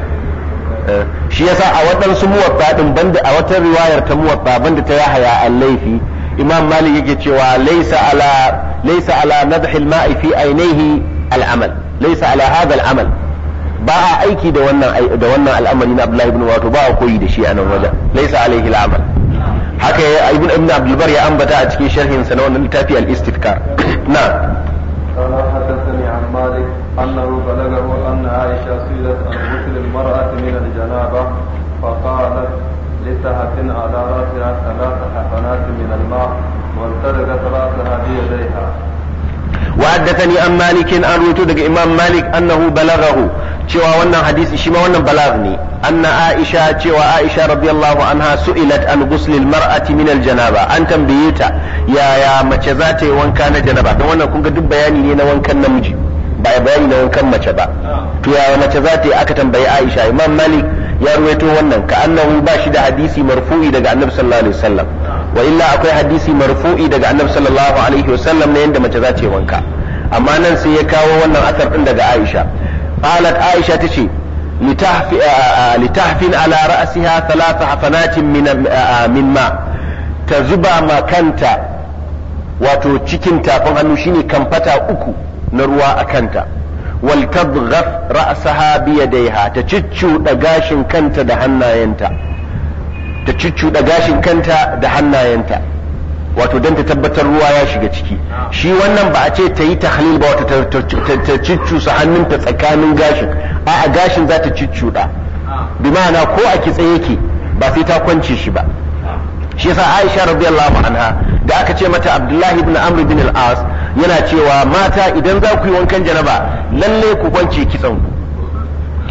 eh, shi yasa a waɗansu muwatta din banda a wata riwayar ta muwatta banda ta yahaya al-laifi imam malik yake cewa laysa ala laysa ala nadhi al-ma'i fi ainihi al-amal laysa ala hadha al-amal ba a aiki da wannan da wannan al'amari na abdullahi ibn wato ba a koyi da shi a nan wajen laysa alaihi al-amal haka ya ibn abdul bar ya ambata a cikin sharhin sa na wannan littafi al istifkar [COUGHS] na أنه بلغه أن عائشة سئلت عن غسل المرأة من الجنابة فقالت لتهتن على رأسها ثلاث من الماء رأسها بيديها وحدثني مالك إمام مالك أنه بلغه cewa wannan hadisi shi ma wannan balag ne anna aisha cewa aisha radiyallahu anha su'ilat an ghuslil mar'ati min al janaba an tambaye ta yaya mace za ta yi wanka na janaba don wannan kun ga duk bayani ne na wankan namiji ba ya bayani na wankan mace ba to mace za ta yi aka tambayi Aisha Imam Malik ya ruwaito wannan ka annahu ba shi da hadisi marfu'i daga Annabi sallallahu alaihi wasallam wa illa akwai hadisi marfu'i daga Annabi sallallahu alaihi wasallam na yanda mace za ta yi wanka amma nan sai ya kawo wannan asar din daga Aisha qalat Aisha tace litahfi litahfin ala ra'siha thalath hafanatin min min ma ta zuba ma kanta wato cikin tafin hannu shine kamfata uku na ruwa a kanta wal ra'saha bi ta ciccuda gashin kanta da hannayenta ta ciccuda gashin kanta da hannayenta wato dan ta tabbatar ruwa ya shiga ciki shi wannan ba a ce ta yi tahlil ba wata ta su hannunta tsakanin gashin a a gashin za ta ciccuda bi ko a kitse yake ba sai ta kwance shi ba shi yasa Aisha radiyallahu anha da aka ce mata Abdullahi ibn Amr ibn al-As yana cewa mata idan za ku yi wankan janaba lalle ku kwance kitsan ku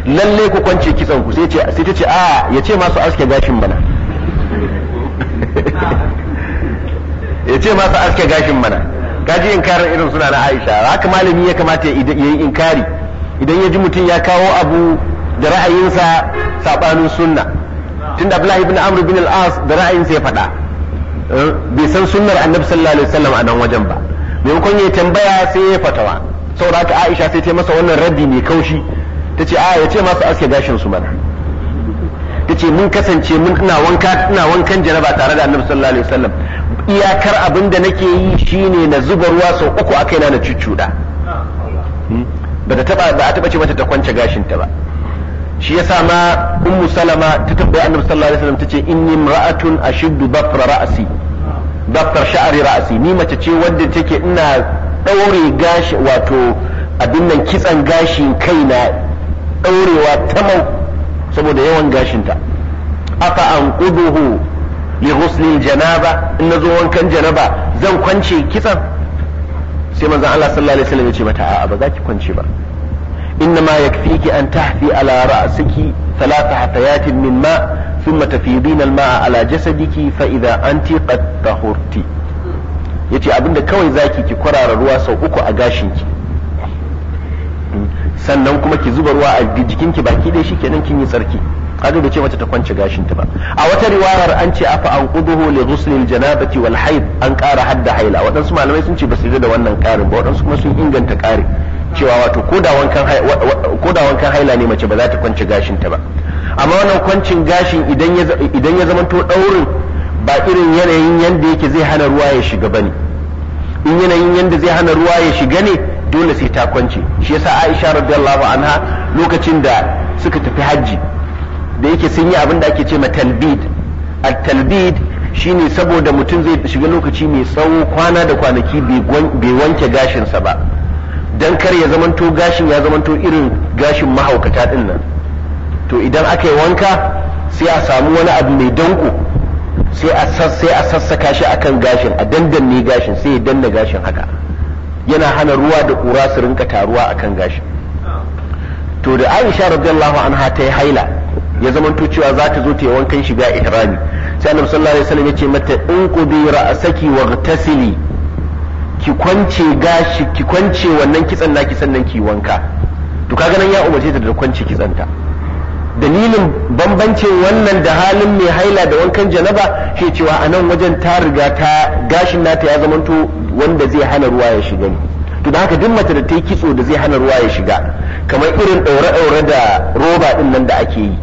lalle ku kwance kitsan ku sai ta ce a ya ce masu aske gashin mana [LAUGHS] ya ce masu aske gashin mana kaji inkarin irin suna na aisha haka malami ya kamata ya yi inkari idan ya ji mutum ya kawo abu da ra'ayinsa sabanin sunna tunda abdullahi ibn amr bin al-as da ra'ayinsa ya faɗa eh, bai san sunnar annabi sallallahu alaihi wasallam a nan wajen ba maimakon ya tambaya sai ya fatawa saboda haka Aisha sai ta masa wannan rabi mai kaushi ta ce a ya ce masu aske gashin su mana ta ce mun kasance mun ina wanka ina wankan jaraba tare da annabi sallallahu alaihi wasallam iyakar abin da nake yi shine na zuba ruwa sau uku a kaina na cuccuda hmm? ba ta taba ba a taba ce mata ta kwance gashin ta ba shi yasa ma ummu salama ta tabbai annabi sallallahu alaihi wasallam ce inni imra'atun ashiddu bafra ra'si daftar sha'ari ra'asi ni mace ce wadda take ina ɗaure gashi wato abin nan kitsan gashin kaina ɗaurewa tamau saboda yawan gashinta afa an ƙuduhu li ghuslil janaba in nazo wankan janaba zan kwance kitsan sai manzon Allah sallallahu alaihi wasallam ya ce mata a'a ba za ki kwance ba inna ma yakfiki an tahfi ala ra'siki ثلاث حطيات من ماء ثم تفيضين الماء على جسدك فإذا أنت قد طهرت yace abinda kawai zaki ki kwarara ruwa sau uku a gashinki sannan kuma ki zuba ruwa a jikin ki baki dai shi kenan kin yi tsarki kaga bai ce mata ta kwance gashin ta ba a wata riwayar an ce afa an quduhu li ghuslil janabati wal haid an kara hadda haila waɗansu malamai sun ce basu da wannan ƙarin ba waɗansu kuma sun inganta ƙarin cewa wato ko da wankan haila ne mace ba za ta gashin ta ba amma wannan kwancin gashin idan ya zamanto ɗaurin ba irin yanayin yadda yake zai hana ruwa ya shiga bane in yanayin yanda zai hana ruwa ya shiga ne dole sai ta kwance shi yasa Aisha radiyallahu anha lokacin da suka tafi hajji da yake sun yi abin da ake ce ma talbid at-talbid shine saboda mutum zai shiga lokaci mai tsawo kwana da kwanaki bai wanke gashinsa ba dan kar ya zamanto gashin ya zamanto irin gashin mahaukata din nan to idan aka yi wanka sai a samu wani abu mai danko sai a sassa a sassaka shi akan gashin a dandanne gashin sai ya danna gashin haka yana hana ruwa da kura su rinka taruwa akan gashin to da Aisha radiyallahu anha ta yi haila ya zamanto cewa za ta zo ta yi wankan shiga ihrami sai Annabi sallallahu alaihi wasallam ya ce mata in qubi wa waghtasili ki kwance gashi ki kwance wannan kitsan naki sannan ki wanka to kaga nan ya umarce ta da kwance kitsanta dalilin bambancin wannan da halin mai haila da wankan janaba shi cewa a nan wajen ta riga ta gashin nata ya zamanto wanda zai hana ruwa ya shiga ne to da haka duk mace da ta yi kitso da zai hana ruwa ya shiga kamar irin ɗaure-ɗaure da roba ɗin nan da ake yi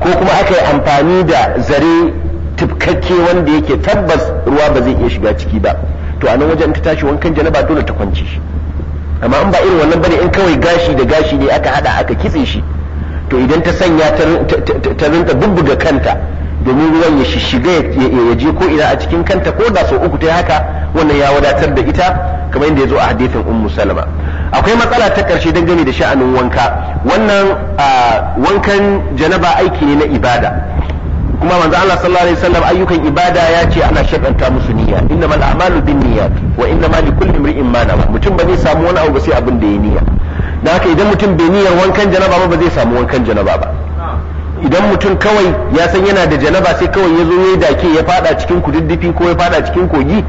ko kuma aka yi amfani da zare tifkakke wanda yake tabbas ruwa ba zai iya shiga ciki ba to a nan wajen in ta tashi wankan janaba dole ta kwance shi amma in ba irin wannan bane in kawai gashi da gashi ne aka hada aka kitse shi to idan ta sanya ta rinka bubbuga kanta domin ruwan ya shiga ya je ko ina a cikin kanta ko da sau uku ta yi haka wannan ya wadatar da ita kamar yadda ya zo a hadithin ummu salama akwai matsala ta karshe dangane da sha'anin wanka wannan ah, wankan janaba aiki ne na ibada kuma manzo Allah sallallahu alaihi wasallam ayyukan ibada ya ce ana shakanta musu niyya innamal a'malu binniyat wa li kulli imri'in ma nawa mutum ba zai samu wani abu sai abin da ya niyya dan haka idan mutum bai niyyar wankan janaba ba ba zai samu wankan janaba ba idan mutum kawai ya san yana da janaba sai kawai ya zo ya dake ya fada cikin kududdufi ko ya fada cikin kogi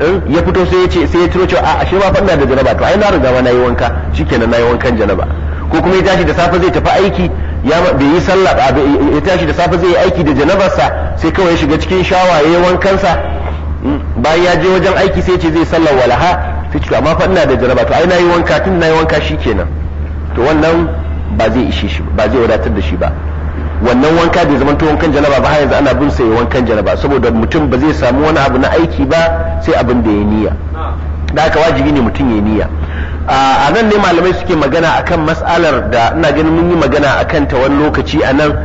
eh, ya fito sai ya ce sai ya tiro ce a ashe ba fanna da janaba to ai na riga ma nayi wanka shikenan nayi wankan janaba ko kuma ya tashi da safe zai tafi aiki ya bai yi sallah ya tashi da safe zai yi aiki da janabarsa sai kawai ya shiga cikin shawa ya yi wankansa hmm, bayan ya je wajen aiki sai ce zai sallah walaha sai ce amma fa ina da janaba to ai na yi wanka tun na yi wanka shi kenan to wannan ba zai ishe shi ba zai wadatar da shi ba wannan wanka bai zama wankan janaba ba har yanzu ana bin sa ya wankan janaba saboda mutum ba zai samu wani abu na aiki ba sai abin da ya niyya da haka wajibi ne mutum ya niyya a nan ne malamai suke magana akan mas'alar da ina ganin mun yi magana akan ta wani lokaci a nan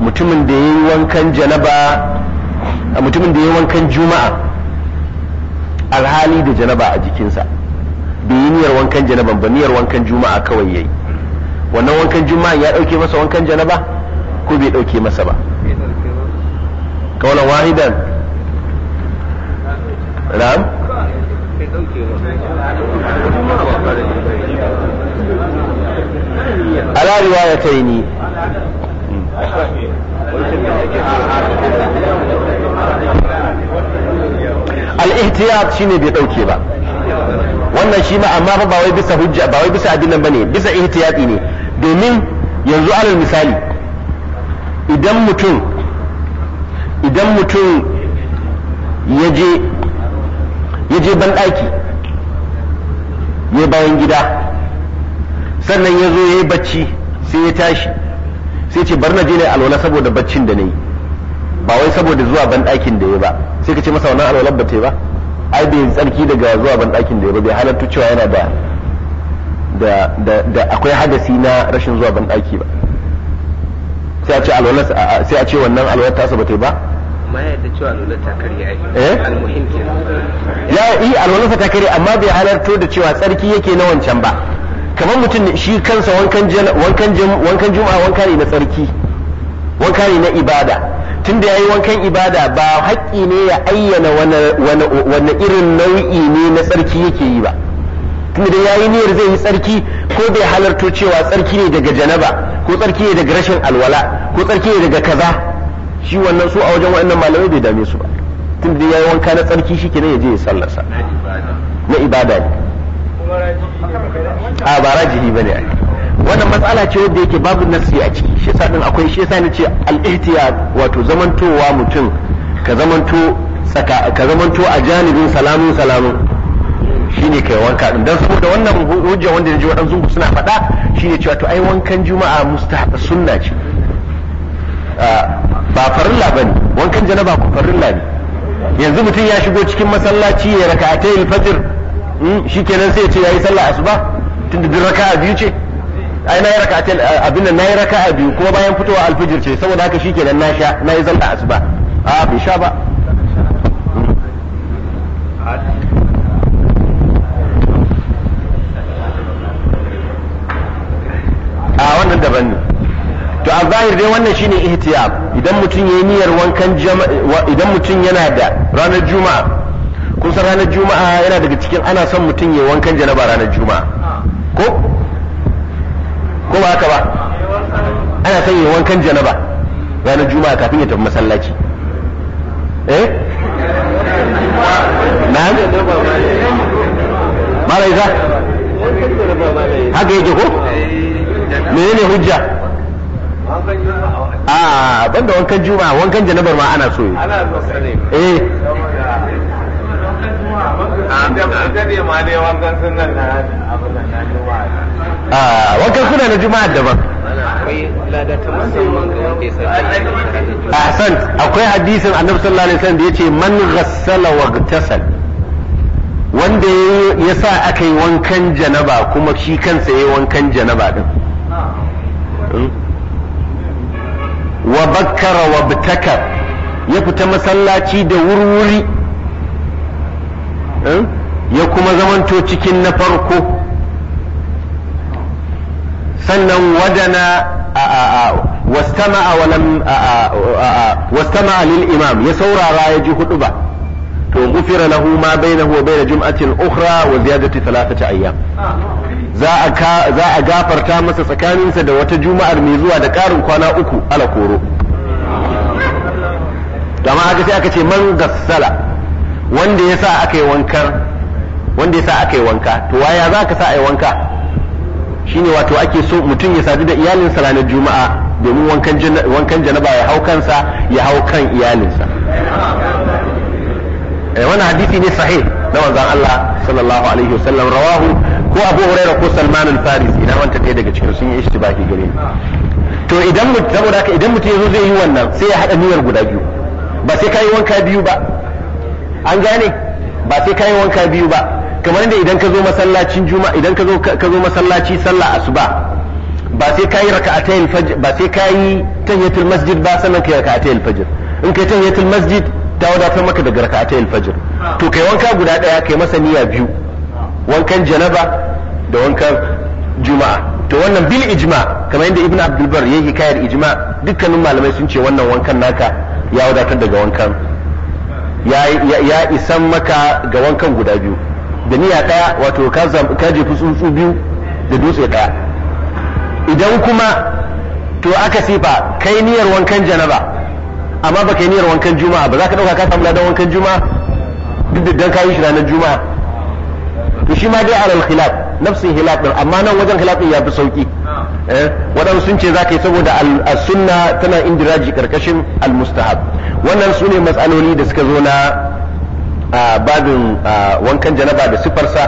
mutumin da ya yi wankan janaba mutumin da ya yi wankan juma'a alhali da janaba a jikinsa bai yi niyyar wankan janaba ba niyyar wankan juma'a kawai yayi wannan wankan juma'a ya dauke masa wankan janaba ko bai dauke masa ba kaulan wahidan na'am kai ala riwayataini al-ihtiyat shine bai dauke ba wannan shi ma amma ba wai bisa hujja ba wai bisa abin nan bane bisa ihtiyati ne domin yanzu alal misali idan mutum idan mutum ya je ya je banɗaki ya bayan gida sannan ya zo ya yi bacci sai ya tashi sai ce bar na je na alwala saboda baccin da na yi ba wai saboda zuwa banɗakin da ya ba sai ka ce masa wannan alwalar ba ta yi ba ai bai tsarki daga zuwa banɗakin da ya ba bai halattu cewa yana da da akwai hadasi na rashin zuwa banɗaki ba sai a ce wannan alwalar ta ba ta yi ba amma ya cewa ta karya eh? almuhim ya yi eh, alwala ta amma bai halarto da cewa tsarki yake na wancan ba kamar mutum shi kansa wankan juma'a wanka ne na tsarki wanka ne na ibada tunda yi wankan ibada ba haƙƙi ne ya ayyana wani irin nau'i ne na tsarki yake yi ba tunda da yi niyyar zai yi tsarki ko bai halarto cewa tsarki ne daga janaba ko tsarki ne daga rashin alwala ko tsarki ne daga kaza shi wannan su a wajen wa'annan malamai bai dame su ba tun da yayi wanka na tsarki shi kenan ya je ya sallarsa na ibada ne a ba rajihi bane a wannan matsala ce wadda yake babu nasi a ciki shi yasa din akwai shi yasa ce al-ihtiyat wato zamantowa mutum ka zamanto saka ka zamanto a janibin salamun salamun shine kai wanka din dan saboda wannan hujja wanda naji wadansu suna faɗa shine cewa to ai wankan juma'a mustahab sunna ce ba farilla ne, wankan janaba ku farilla ne yanzu mutum ya shigo cikin masallaci ya raka ta fajir hmm, shi kenan sai ya ce yayi sallah asuba tunda duk a biyu ce ai na yi ta abin nan na yi a biyu kuma bayan fitowa alfijir ce saboda haka shi kenan na sha na yi sallah asuba a bai sha ba a wannan daban ne to a zahir dai wannan shine ihtiyab idan mutum yayi niyyar wankan idan mutum yana da ranar juma'a kun san ranar juma'a yana daga cikin ana son mutum yayi wankan janaba ranar juma'a ko ko ba haka ba ana son yayi wankan janaba ranar juma'a kafin ya tafi masallaci eh na'am malai za haka yake ko menene hujja a ah, ban da wankan juma'a wankan janabar ma ana so ana so eh a ah, wankan suna na juma'a daban a ah, san akwai hadisin annabi sallallahu alaihi wasallam da yace man ghassala wa ghtasal wanda ya sa aka yi wankan janaba kuma shi kansa ya yi wankan janaba din hmm? wa bakkara wa btakar ya fita masallaci da wurwuri eh, ya kuma zamanto cikin na farko sannan wadana wastama'a walam lil imam ya saurara ya ji hudu ba to gufira lahu ma bainahu wa bain jum'atin ukhra wa ziyadati thalathati ayyam za a gafarta masa tsakaninsa da wata juma'ar mai zuwa da ƙarin kwana uku ala koro dama aka sai aka ce man gassala wanda ya sa aka yi wanka wanda ya sa aka yi wanka to waya za ka sa a yi wanka shine wato ake so mutum ya sadu da iyalinsa ranar juma'a domin wankan janaba ya hau kansa ya hau kan iyalinsa eh, Wani hadisi ne sahih na manzon Allah sallallahu alaihi wasallam rawahu ko abu hurairah ko salman al-farisi na wanta ɗaya daga cikin sun yi ishtibahi gare ni to idan mutum saboda haka idan mutum yazo zai yi wannan sai ya haɗa niyyar guda biyu ba sai kai wanka biyu ba an gane ba sai kai wanka biyu ba kamar inda idan ka zo masallacin juma'a idan ka zo ka zo masallaci sallah asuba ba sai kai raka'atayil fajr ba sai kai tahiyatul masjid ba sannan kai raka'atayil fajr in kai tahiyatul masjid ta wadatar maka daga raka'atayil fajr to kai wanka guda daya kai masa niyya biyu wankan janaba da wankan juma'a to wannan bil ijma kamar yadda ibn abdul bar yayi hikayar ijma dukkanin malamai sun ce wannan wankan naka ya wadatar daga wankan ya isan maka ga wankan guda biyu da niyya daya wato ka jefi tsuntsu biyu da dutse daya idan kuma to aka sifa kai niyyar wankan janaba amma baka yi niyyar wankan juma'a ba za ka dauka ka samu ladan wankan juma'a duk da dan kayi shi ranar juma'a to shi ma dai alal khilaf nafsin hilaf din amma nan wajen hilaf ya fi sauki eh, waɗansu sun ce za ka yi saboda sunna tana indiraji karkashin almustahab wannan su ne matsaloli da suka zo na babin wankan janaba da sifarsa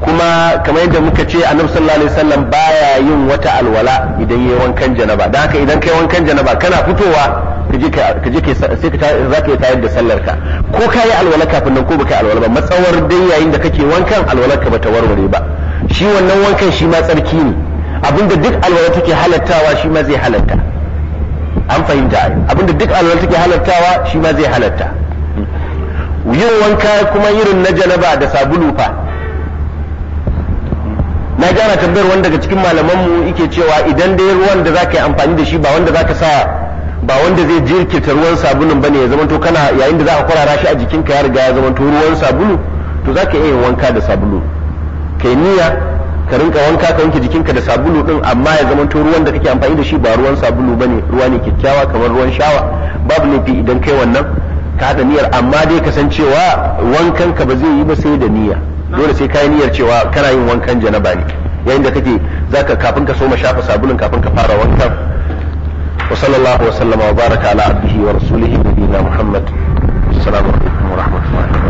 kuma kamar yadda muka ce annabi sallallahu alaihi wasallam baya yin wata alwala idan yayi wankan janaba dan haka idan kai wankan janaba kana fitowa ka je sai ka za ka tayar da sallar ka ko ka yi alwala kafin nan ko baka alwala ba matsawar dai yayin da kake wankan alwalar ka bata warware ba shi wannan wankan shi ma tsarki ne abinda duk alwala take halattawa shi ma zai halatta an fahimta abinda duk alwala take halattawa shi ma zai halatta yin wanka kuma irin na janaba da sabulu fa na gyara tambayar wani daga cikin malamanmu yake cewa idan dai ruwan da zaka yi amfani da shi ba wanda zaka sa ba wanda zai jirkita ruwan sabulun bane ya zamanto kana yayin da zaka kwarara shi a jikinka ya riga ya zamanto ruwan sabulu to zaka iya wanka da sabulu kai niyya ka rinka wanka ka wanke jikinka da sabulu din amma ya zamanto ruwan da kake amfani da shi ba ruwan sabulu bane ruwa ne kyakkyawa kamar ruwan shawa babu laifi idan kai wannan ka da niyyar amma dai kasancewa ka ba zai yi ba sai da niyya dole sai kayi niyyar cewa kana yin wankan janaba ne yayin da kake zaka kafin ka soma shafa sabulun kafin ka fara wankan wa sallallahu wa sallama wa baraka ala abdihi wa rasulihi nabiyina muhammad assalamu alaikum wa rahmatullahi